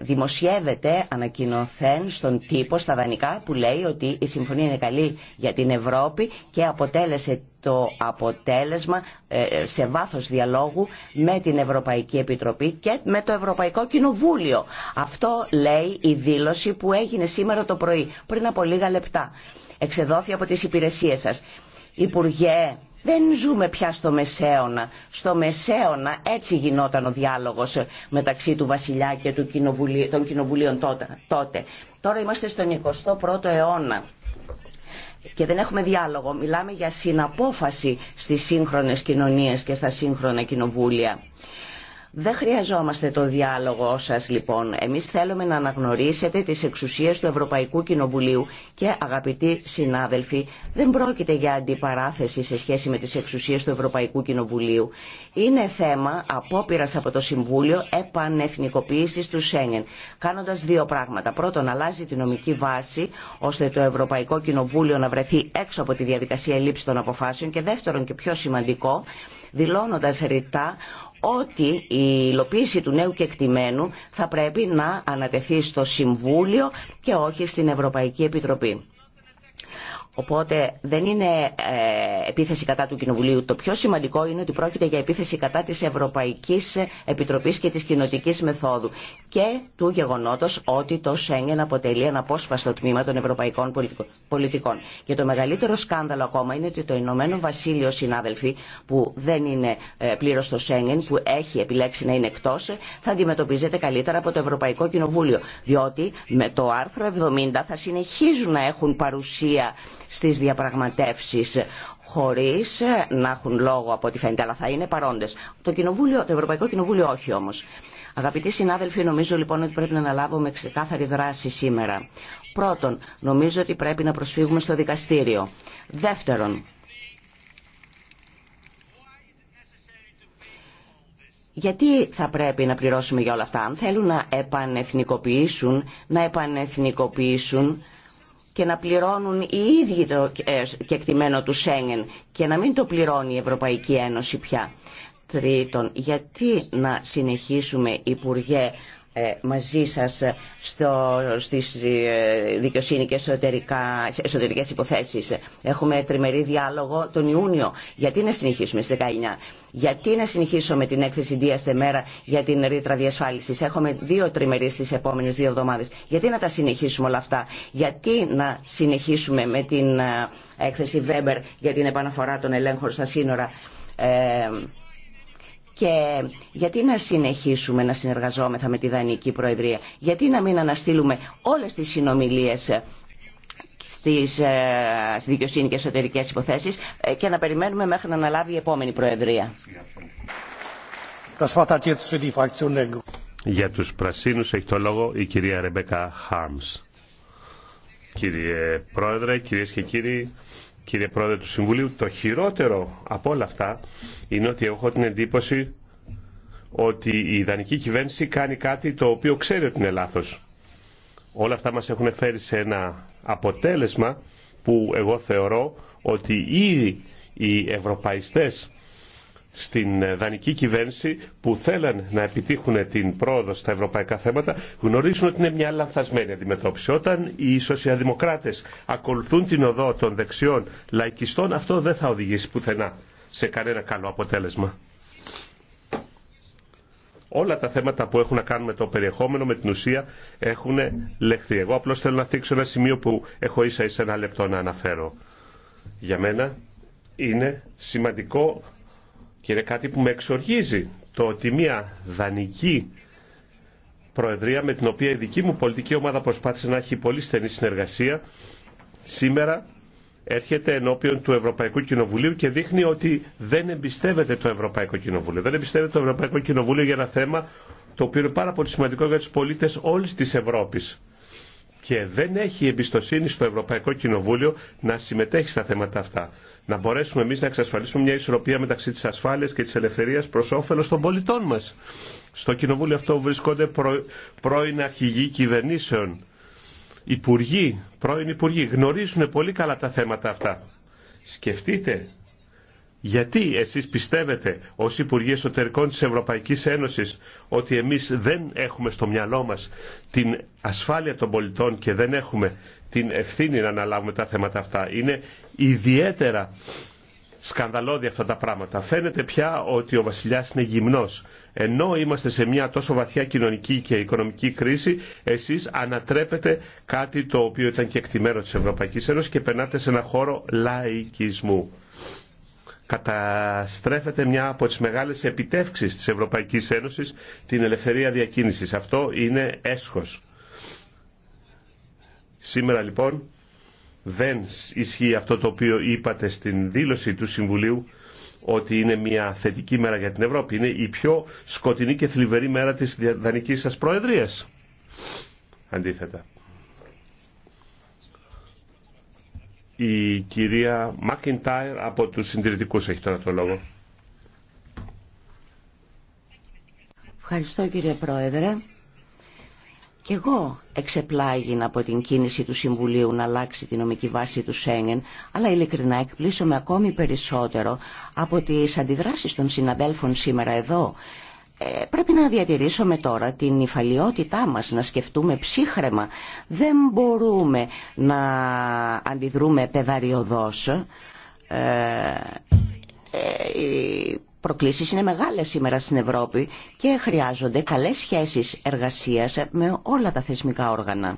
δημοσιεύεται ανακοινωθέν στον τύπο στα δανεικά που λέει ότι η συμφωνία είναι καλή για την Ευρώπη και αποτέλεσε το αποτέλεσμα ε, σε βάθος διαλόγου με την Ευρωπαϊκή Επιτροπή και με το Ευρωπαϊκό Κοινοβούλιο. Αυτό λέει η δήλωση που έγινε σήμερα το πρωί, πριν από λίγα λεπτά. Εξεδόθη από τις υπηρεσίες σας. Υπουργέ, δεν ζούμε πια στο Μεσαίωνα. Στο Μεσαίωνα έτσι γινόταν ο διάλογος μεταξύ του βασιλιά και του των κοινοβουλίων τότε. Τώρα είμαστε στον 21ο αιώνα και δεν έχουμε διάλογο. Μιλάμε για συναπόφαση στις σύγχρονες κοινωνίες και στα σύγχρονα κοινοβούλια. Δεν χρειαζόμαστε το διάλογο σας λοιπόν. Εμείς θέλουμε να αναγνωρίσετε τις εξουσίες του Ευρωπαϊκού Κοινοβουλίου και αγαπητοί συνάδελφοι, δεν πρόκειται για αντιπαράθεση σε σχέση με τις εξουσίες του Ευρωπαϊκού Κοινοβουλίου. Είναι θέμα απόπειρα από το Συμβούλιο επανεθνικοποίησης του Σέγγεν, κάνοντας δύο πράγματα. Πρώτον, αλλάζει τη νομική βάση, ώστε το Ευρωπαϊκό Κοινοβούλιο να βρεθεί έξω από τη διαδικασία λήψη των αποφάσεων και δεύτερον και πιο σημαντικό, δηλώνοντας ρητά ότι η υλοποίηση του νέου κεκτημένου θα πρέπει να ανατεθεί στο Συμβούλιο και όχι στην Ευρωπαϊκή Επιτροπή. Οπότε δεν είναι ε, επίθεση κατά του Κοινοβουλίου. Το πιο σημαντικό είναι ότι πρόκειται για επίθεση κατά της Ευρωπαϊκής Επιτροπής και της Κοινοτικής Μεθόδου και του γεγονότος ότι το Σέγγεν αποτελεί ένα απόσπαστο τμήμα των ευρωπαϊκών πολιτικών. Και το μεγαλύτερο σκάνδαλο ακόμα είναι ότι το Ηνωμένο Βασίλειο, συνάδελφοι, που δεν είναι ε, πλήρως στο Σέγγεν, που έχει επιλέξει να είναι εκτός, θα αντιμετωπίζεται καλύτερα από το Ευρωπαϊκό Κοινοβούλιο. Διότι με το άρθρο 70 θα συνεχίζουν να έχουν παρουσία στις διαπραγματεύσεις χωρίς να έχουν λόγο από ό,τι φαίνεται, αλλά θα είναι παρόντες. Το, κοινοβούλιο, το Ευρωπαϊκό Κοινοβούλιο όχι όμως. Αγαπητοί συνάδελφοι, νομίζω λοιπόν ότι πρέπει να αναλάβουμε ξεκάθαρη δράση σήμερα. Πρώτον, νομίζω ότι πρέπει να προσφύγουμε στο δικαστήριο. Δεύτερον, Γιατί θα πρέπει να πληρώσουμε για όλα αυτά, αν θέλουν να επανεθνικοποιήσουν, να επανεθνικοποιήσουν και να πληρώνουν οι ίδιοι το ε, κεκτημένο του Σέγγεν και να μην το πληρώνει η Ευρωπαϊκή Ένωση πια. Τρίτον, γιατί να συνεχίσουμε, Υπουργέ, ε, μαζί σας ε, στο, στις ε, δικαιοσύνη και εσωτερικά, εσωτερικές υποθέσεις. Έχουμε τριμερή διάλογο τον Ιούνιο. Γιατί να συνεχίσουμε στις 19. Γιατί να συνεχίσουμε την έκθεση Δίαστε Μέρα για την ρήτρα διασφάλισης. Έχουμε δύο τριμερεί στις επόμενες δύο εβδομάδες. Γιατί να τα συνεχίσουμε όλα αυτά. Γιατί να συνεχίσουμε με την έκθεση Βέμπερ για την επαναφορά των ελέγχων στα σύνορα. Και γιατί να συνεχίσουμε να συνεργαζόμεθα με τη Δανική Προεδρία, γιατί να μην αναστείλουμε όλες τις συνομιλίες ε, στις, ε, στη δικαιοσύνη και εσωτερικές υποθέσεις ε, και να περιμένουμε μέχρι να αναλάβει η επόμενη Προεδρία. Για τους πρασίνους έχει το λόγο η κυρία Ρεμπέκα Χάρμς. Κύριε Πρόεδρε, κυρίες και κύριοι, κύριε Πρόεδρε του Συμβουλίου, το χειρότερο από όλα αυτά είναι ότι έχω την εντύπωση ότι η ιδανική κυβέρνηση κάνει κάτι το οποίο ξέρει ότι είναι λάθος. Όλα αυτά μας έχουν φέρει σε ένα αποτέλεσμα που εγώ θεωρώ ότι ήδη οι ευρωπαϊστές στην ε, δανική κυβέρνηση που θέλαν να επιτύχουν την πρόοδο στα ευρωπαϊκά θέματα γνωρίζουν ότι είναι μια λανθασμένη αντιμετώπιση. Όταν οι Σοσιαλδημοκράτες ακολουθούν την οδό των δεξιών λαϊκιστών αυτό δεν θα οδηγήσει πουθενά σε κανένα καλό αποτέλεσμα. Όλα τα θέματα που έχουν να κάνουν με το περιεχόμενο, με την ουσία, έχουν λεχθεί. Εγώ απλώς θέλω να θίξω ένα σημείο που έχω ίσα ίσα ένα λεπτό να αναφέρω. Για μένα είναι σημαντικό και είναι κάτι που με εξοργίζει το ότι μια δανεική προεδρία με την οποία η δική μου πολιτική ομάδα προσπάθησε να έχει πολύ στενή συνεργασία σήμερα έρχεται ενώπιον του Ευρωπαϊκού Κοινοβουλίου και δείχνει ότι δεν εμπιστεύεται το Ευρωπαϊκό Κοινοβούλιο. Δεν εμπιστεύεται το Ευρωπαϊκό Κοινοβούλιο για ένα θέμα το οποίο είναι πάρα πολύ σημαντικό για τους πολίτες όλης της Ευρώπης. Και δεν έχει εμπιστοσύνη στο Ευρωπαϊκό Κοινοβούλιο να συμμετέχει στα θέματα αυτά να μπορέσουμε εμείς να εξασφαλίσουμε μια ισορροπία μεταξύ της ασφάλειας και της ελευθερίας προς όφελος των πολιτών μας. Στο Κοινοβούλιο αυτό βρισκόνται πρώην αρχηγοί κυβερνήσεων, υπουργοί, πρώην υπουργοί, γνωρίζουν πολύ καλά τα θέματα αυτά. Σκεφτείτε γιατί εσείς πιστεύετε ως Υπουργοί Εσωτερικών της Ευρωπαϊκής Ένωσης ότι εμείς δεν έχουμε στο μυαλό μας την ασφάλεια των πολιτών και δεν έχουμε την ευθύνη να αναλάβουμε τα θέματα αυτά. Είναι ιδιαίτερα σκανδαλώδη αυτά τα πράγματα. Φαίνεται πια ότι ο βασιλιάς είναι γυμνός. Ενώ είμαστε σε μια τόσο βαθιά κοινωνική και οικονομική κρίση, εσείς ανατρέπετε κάτι το οποίο ήταν και εκτιμένο της Ευρωπαϊκής Ένωσης και περνάτε σε ένα χώρο λαϊκισμού. Καταστρέφεται μια από τις μεγάλες επιτεύξεις της Ευρωπαϊκής Ένωσης την ελευθερία διακίνησης. Αυτό είναι έσχος. Σήμερα λοιπόν δεν ισχύει αυτό το οποίο είπατε στην δήλωση του Συμβουλίου ότι είναι μια θετική μέρα για την Ευρώπη. Είναι η πιο σκοτεινή και θλιβερή μέρα της δανικής σας προεδρίας. Αντίθετα. Η κυρία Μάκιντάιρ από τους συντηρητικούς έχει τώρα το λόγο. Ευχαριστώ κύριε Πρόεδρε. Κι εγώ εξεπλάγινα από την κίνηση του Συμβουλίου να αλλάξει τη νομική βάση του Σέγγεν, αλλά ειλικρινά εκπλήσωμαι ακόμη περισσότερο από τις αντιδράσεις των συναδέλφων σήμερα εδώ. Ε, πρέπει να διατηρήσουμε τώρα την υφαλιότητά μας, να σκεφτούμε ψύχρεμα. Δεν μπορούμε να αντιδρούμε παιδαριωδώς. ε, ε προκλήσεις είναι μεγάλες σήμερα στην Ευρώπη και χρειάζονται καλές σχέσεις εργασίας με όλα τα θεσμικά όργανα.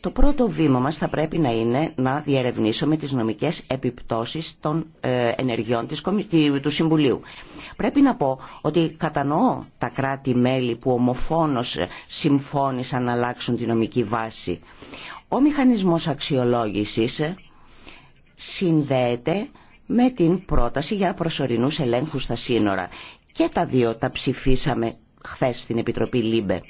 Το πρώτο βήμα μας θα πρέπει να είναι να διερευνήσουμε τις νομικές επιπτώσεις των ε, ενεργειών του Συμβουλίου. Πρέπει να πω ότι κατανοώ τα κράτη-μέλη που ομοφόνος ε, συμφώνησαν να αλλάξουν τη νομική βάση. Ο μηχανισμός αξιολόγησης ε, συνδέεται με την πρόταση για προσωρινούς ελέγχους στα σύνορα. Και τα δύο τα ψηφίσαμε χθες στην Επιτροπή ΛΥΜΠΕ.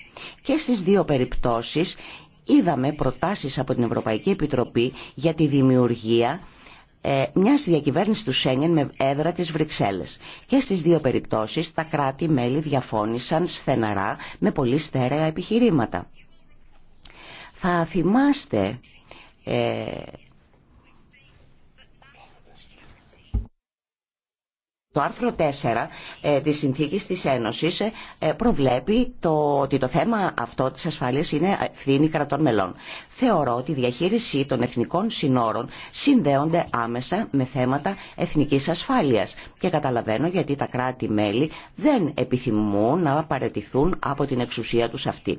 Και στις δύο περιπτώσεις είδαμε προτάσεις από την Ευρωπαϊκή Επιτροπή για τη δημιουργία ε, μιας διακυβέρνησης του Σέγγεν με έδρα της Βρυξέλλες. Και στις δύο περιπτώσεις τα κράτη-μέλη διαφώνησαν στεναρά με πολύ στέρεα επιχειρήματα. Θα θυμάστε ε, Το άρθρο 4 ε, της Συνθήκης της Ένωσης ε, προβλέπει το, ότι το θέμα αυτό της ασφάλειας είναι ευθύνη κρατών μελών. Θεωρώ ότι η διαχείριση των εθνικών συνόρων συνδέονται άμεσα με θέματα εθνικής ασφάλειας και καταλαβαίνω γιατί τα κράτη-μέλη δεν επιθυμούν να παρετηθούν από την εξουσία τους αυτή.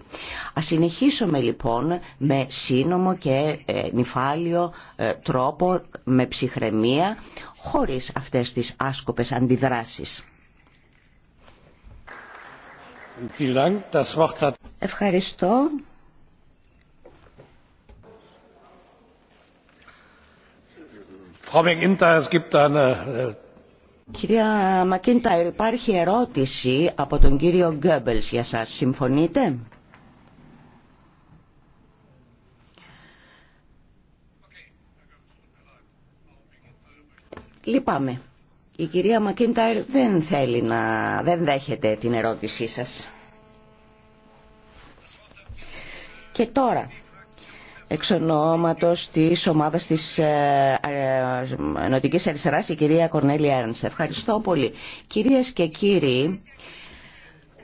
Ας συνεχίσουμε λοιπόν με σύνομο και ε, νυφάλιο ε, τρόπο, με ψυχραιμία, χωρίς αυτές τις άσκοπες αντιδράσεις. Ευχαριστώ. Κυρία Μακίντα υπάρχει ερώτηση από τον κύριο Γκέμπελς για σας. Συμφωνείτε? Λυπάμαι. Η κυρία Μακίνταρ δεν θέλει να... δεν δέχεται την ερώτησή σας. Και τώρα, εξ ονόματος της ομάδας της ε, ε Νοτικής Αριστεράς, η κυρία Κορνέλη Έρνς. Ευχαριστώ πολύ. Κυρίες και κύριοι,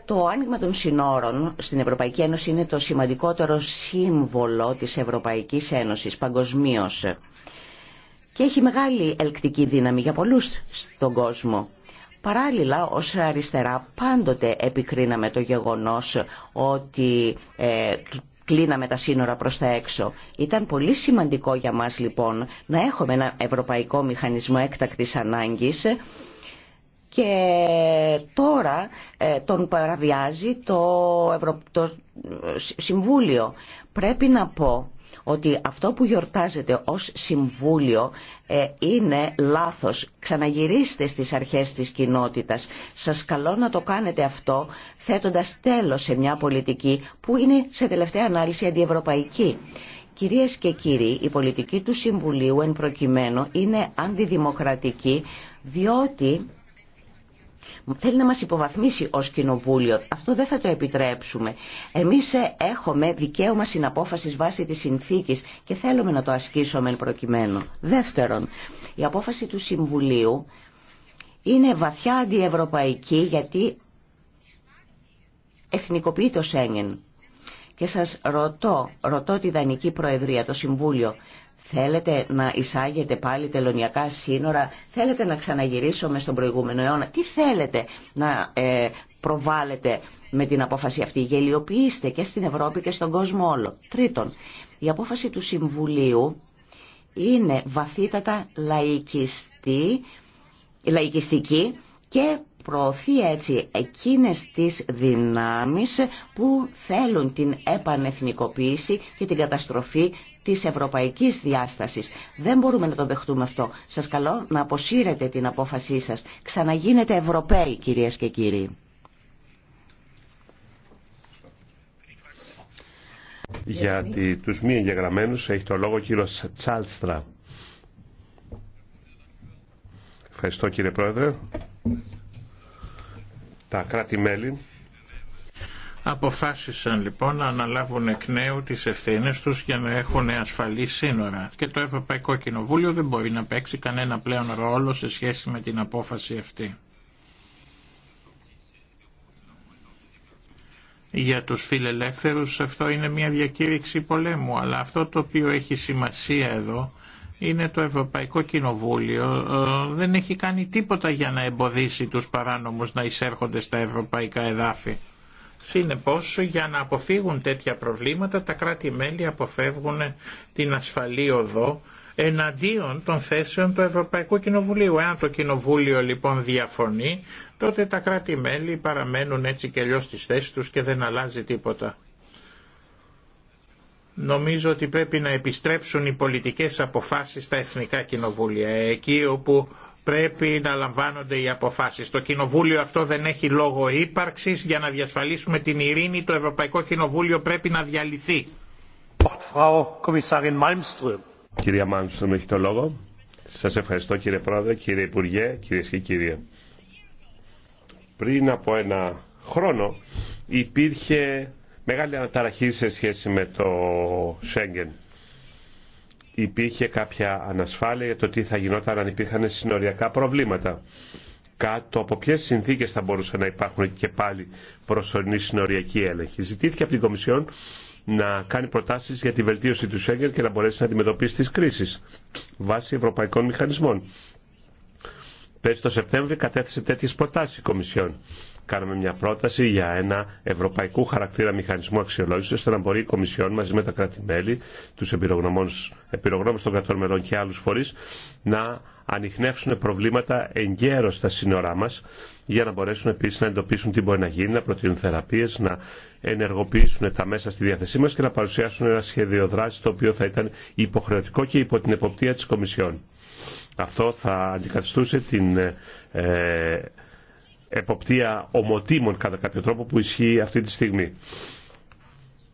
το άνοιγμα των συνόρων στην Ευρωπαϊκή Ένωση είναι το σημαντικότερο σύμβολο της Ευρωπαϊκής Ένωσης παγκοσμίως και έχει μεγάλη ελκτική δύναμη για πολλούς στον κόσμο. Παράλληλα, ως αριστερά πάντοτε επικρίναμε το γεγονός ότι ε, κλείναμε τα σύνορα προς τα έξω. Ήταν πολύ σημαντικό για μας λοιπόν να έχουμε ένα ευρωπαϊκό μηχανισμό έκτακτης ανάγκης και τώρα ε, τον παραβιάζει το, το Συμβούλιο. Πρέπει να πω ότι αυτό που γιορτάζεται ως Συμβούλιο ε, είναι λάθος. Ξαναγυρίστε στις αρχές της κοινότητας. Σας καλώ να το κάνετε αυτό θέτοντας τέλος σε μια πολιτική που είναι σε τελευταία ανάλυση αντιευρωπαϊκή. Κυρίες και κύριοι, η πολιτική του Συμβουλίου εν προκειμένου είναι αντιδημοκρατική διότι Θέλει να μας υποβαθμίσει ως κοινοβούλιο. Αυτό δεν θα το επιτρέψουμε. Εμείς ε, έχουμε δικαίωμα συναπόφασης βάσει της συνθήκης και θέλουμε να το ασκήσουμε εν προκειμένου. Δεύτερον, η απόφαση του Συμβουλίου είναι βαθιά αντιευρωπαϊκή γιατί εθνικοποιεί το Σέγγεν. Και σας ρωτώ, ρωτώ τη Δανική Προεδρία, το Συμβούλιο, Θέλετε να εισάγετε πάλι τελωνιακά σύνορα, θέλετε να ξαναγυρίσουμε στον προηγούμενο αιώνα. Τι θέλετε να ε, προβάλλετε με την απόφαση αυτή. Γελιοποιήστε και στην Ευρώπη και στον κόσμο όλο. Τρίτον, η απόφαση του Συμβουλίου είναι βαθύτατα λαϊκιστική και προωθεί έτσι εκείνες τις δυνάμεις που θέλουν την επανεθνικοποίηση και την καταστροφή της ευρωπαϊκής διάστασης. Δεν μπορούμε να το δεχτούμε αυτό. Σας καλώ να αποσύρετε την απόφασή σας. Ξαναγίνετε Ευρωπαίοι κυρίες και κύριοι. Για τους μη εγγεγραμμένους έχει το λόγο ο κύριος Τσάλστρα. Ευχαριστώ κύριε Πρόεδρε. Τα κράτη-μέλη Αποφάσισαν λοιπόν να αναλάβουν εκ νέου τις ευθύνες τους για να έχουν ασφαλή σύνορα και το Ευρωπαϊκό Κοινοβούλιο δεν μπορεί να παίξει κανένα πλέον ρόλο σε σχέση με την απόφαση αυτή. Για τους φιλελεύθερους αυτό είναι μια διακήρυξη πολέμου, αλλά αυτό το οποίο έχει σημασία εδώ είναι το Ευρωπαϊκό Κοινοβούλιο ε, δεν έχει κάνει τίποτα για να εμποδίσει τους παράνομους να εισέρχονται στα ευρωπαϊκά εδάφη. Συνεπώς, για να αποφύγουν τέτοια προβλήματα, τα κράτη-μέλη αποφεύγουν την ασφαλή οδό εναντίον των θέσεων του Ευρωπαϊκού Κοινοβουλίου. Εάν το Κοινοβούλιο λοιπόν διαφωνεί, τότε τα κράτη-μέλη παραμένουν έτσι και αλλιώς στις θέσεις τους και δεν αλλάζει τίποτα. Νομίζω ότι πρέπει να επιστρέψουν οι πολιτικές αποφάσεις στα Εθνικά Κοινοβούλια, ε, εκεί όπου πρέπει να λαμβάνονται οι αποφάσεις. Το Κοινοβούλιο αυτό δεν έχει λόγο ύπαρξης για να διασφαλίσουμε την ειρήνη. Το Ευρωπαϊκό Κοινοβούλιο πρέπει να διαλυθεί. Κυρία Μάλμστρομ, έχει το λόγο. Σας ευχαριστώ κύριε Πρόεδρε, κύριε Υπουργέ, κυρίες και κύριοι. Πριν από ένα χρόνο υπήρχε μεγάλη αναταραχή σε σχέση με το Σέγγεν υπήρχε κάποια ανασφάλεια για το τι θα γινόταν αν υπήρχαν συνοριακά προβλήματα. Κάτω από ποιε συνθήκε θα μπορούσαν να υπάρχουν και πάλι προσωρινή συνοριακή έλεγχη. Ζητήθηκε από την Κομισιόν να κάνει προτάσει για τη βελτίωση του Σέγγεν και να μπορέσει να αντιμετωπίσει τι κρίσει βάσει ευρωπαϊκών μηχανισμών. Πέρσι το Σεπτέμβριο κατέθεσε τέτοιε προτάσει η Κομισιόν κάναμε μια πρόταση για ένα ευρωπαϊκού χαρακτήρα μηχανισμού αξιολόγηση, ώστε να μπορεί η Κομισιόν μαζί με τα κράτη-μέλη, του εμπειρογνώμου των κρατών μελών και άλλου φορεί να ανοιχνεύσουν προβλήματα εγκαίρω στα σύνορά μα, για να μπορέσουν επίση να εντοπίσουν τι μπορεί να γίνει, να προτείνουν θεραπείε, να ενεργοποιήσουν τα μέσα στη διάθεσή μα και να παρουσιάσουν ένα σχέδιο δράση το οποίο θα ήταν υποχρεωτικό και υπό την εποπτεία τη Κομισιόν. Αυτό θα αντικαθιστούσε την ε, εποπτεία ομοτήμων κατά κάποιο τρόπο που ισχύει αυτή τη στιγμή.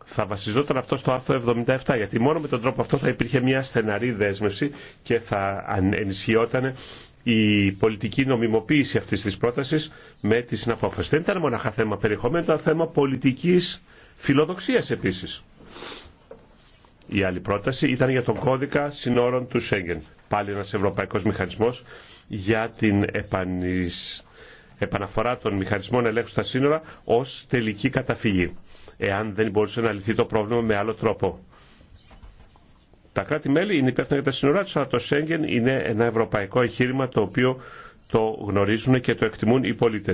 Θα βασιζόταν αυτό στο άρθρο 77, γιατί μόνο με τον τρόπο αυτό θα υπήρχε μια στεναρή δέσμευση και θα ενισχυόταν η πολιτική νομιμοποίηση αυτής της πρότασης με τη συναπόφαση. Δεν ήταν μοναχα θέμα περιεχομένου, ήταν θέμα πολιτικής φιλοδοξίας επίση. Η άλλη πρόταση ήταν για τον κώδικα συνόρων του Σέγγεν. Πάλι ένα Ευρωπαϊκό Μηχανισμό για την επανεισ επαναφορά των μηχανισμών ελέγχου στα σύνορα ω τελική καταφυγή, εάν δεν μπορούσε να λυθεί το πρόβλημα με άλλο τρόπο. Τα κράτη-μέλη είναι υπεύθυνα για τα σύνορά του, αλλά το Σέγγεν είναι ένα ευρωπαϊκό εγχείρημα το οποίο το γνωρίζουν και το εκτιμούν οι πολίτε.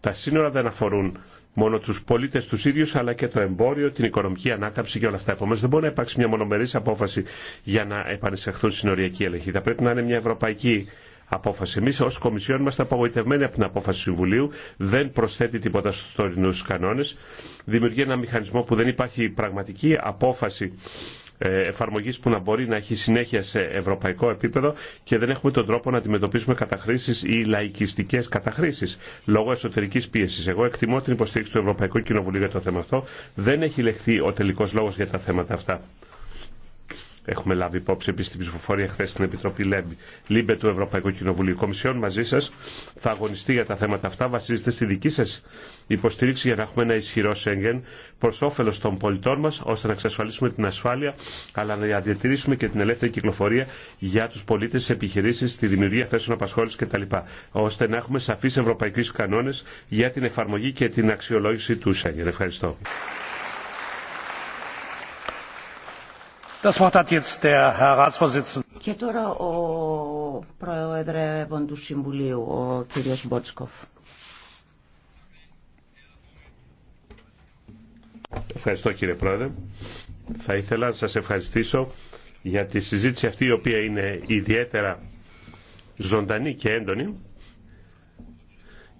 Τα σύνορα δεν αφορούν μόνο του πολίτε του ίδιου, αλλά και το εμπόριο, την οικονομική ανάκαμψη και όλα αυτά. Επομένω, δεν μπορεί να υπάρξει μια μονομερή απόφαση για να οι συνοριακοί έλεγχοι. Θα πρέπει να είναι μια ευρωπαϊκή απόφαση. Εμεί ω Κομισιόν είμαστε απογοητευμένοι από την απόφαση του Συμβουλίου. Δεν προσθέτει τίποτα στου τωρινού κανόνε. Δημιουργεί ένα μηχανισμό που δεν υπάρχει πραγματική απόφαση ε, εφαρμογή που να μπορεί να έχει συνέχεια σε ευρωπαϊκό επίπεδο και δεν έχουμε τον τρόπο να αντιμετωπίσουμε καταχρήσει ή λαϊκιστικέ καταχρήσει λόγω εσωτερική πίεση. Εγώ εκτιμώ την υποστήριξη του Ευρωπαϊκού Κοινοβουλίου για το θέμα αυτό. Δεν έχει λεχθεί ο τελικό λόγο για τα θέματα αυτά. Έχουμε λάβει υπόψη επίση την ψηφοφορία χθε στην Επιτροπή ΛΕΜΠΗ, ΛΥΜΠΕ του Ευρωπαϊκού Κοινοβουλίου. Κομισιόν μαζί σα θα αγωνιστεί για τα θέματα αυτά. Βασίζεται στη δική σα υποστήριξη για να έχουμε ένα ισχυρό Σέγγεν προ όφελο των πολιτών μα, ώστε να εξασφαλίσουμε την ασφάλεια, αλλά να διατηρήσουμε και την ελεύθερη κυκλοφορία για του πολίτε, τι επιχειρήσει, τη δημιουργία θέσεων απασχόληση κτλ. ώστε να έχουμε σαφεί ευρωπαϊκού κανόνε για την εφαρμογή και την αξιολόγηση του Σέγγεν. Ευχαριστώ. Και τώρα ο του Συμβουλίου, ο κύριος Μπότσκοφ. Ευχαριστώ κύριε Πρόεδρε. Θα ήθελα να σας ευχαριστήσω για τη συζήτηση αυτή η οποία είναι ιδιαίτερα ζωντανή και έντονη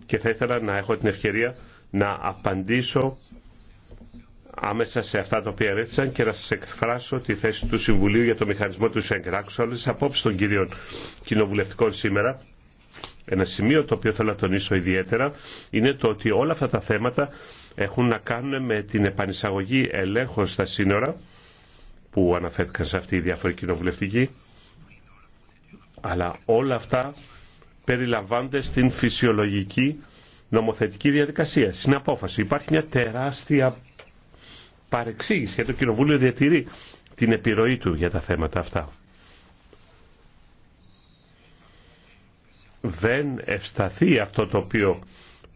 και θα ήθελα να έχω την ευκαιρία να απαντήσω άμεσα σε αυτά τα οποία ρέτησαν και να σας εκφράσω τη θέση του Συμβουλίου για το μηχανισμό του Σέγκερ. Άκουσα όλες τις απόψεις των κυρίων κοινοβουλευτικών σήμερα. Ένα σημείο το οποίο θέλω να τονίσω ιδιαίτερα είναι το ότι όλα αυτά τα θέματα έχουν να κάνουν με την επανεισαγωγή ελέγχων στα σύνορα που αναφέρθηκαν σε αυτή η διάφορη κοινοβουλευτική αλλά όλα αυτά περιλαμβάνονται στην φυσιολογική νομοθετική διαδικασία, στην απόφαση. Υπάρχει μια τεράστια παρεξήγηση και το Κοινοβούλιο διατηρεί την επιρροή του για τα θέματα αυτά. Δεν ευσταθεί αυτό το οποίο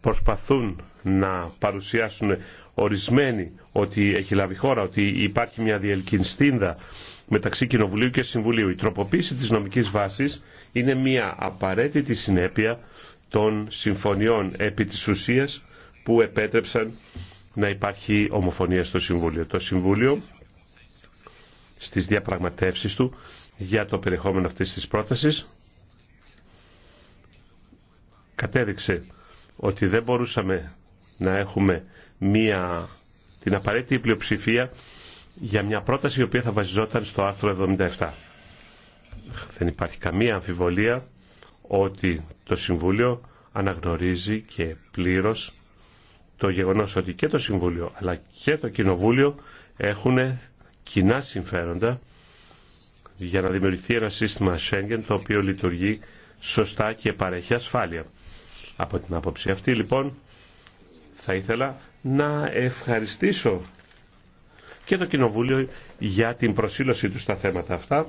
προσπαθούν να παρουσιάσουν ορισμένοι ότι έχει λάβει χώρα, ότι υπάρχει μια διελκυνστίνδα μεταξύ Κοινοβουλίου και Συμβουλίου. Η τροποποίηση της νομικής βάσης είναι μια απαραίτητη συνέπεια των συμφωνιών επί της ουσίας που επέτρεψαν να υπάρχει ομοφωνία στο Συμβούλιο. Το Συμβούλιο στις διαπραγματεύσεις του για το περιεχόμενο αυτής της πρότασης κατέδειξε ότι δεν μπορούσαμε να έχουμε μία, την απαραίτητη πλειοψηφία για μια πρόταση η οποία θα βασιζόταν στο άρθρο 77. Δεν υπάρχει καμία αμφιβολία ότι το Συμβούλιο αναγνωρίζει και πλήρως το γεγονός ότι και το Συμβούλιο αλλά και το Κοινοβούλιο έχουν κοινά συμφέροντα για να δημιουργηθεί ένα σύστημα Schengen το οποίο λειτουργεί σωστά και παρέχει ασφάλεια. Από την άποψη αυτή λοιπόν θα ήθελα να ευχαριστήσω και το Κοινοβούλιο για την προσήλωσή του στα θέματα αυτά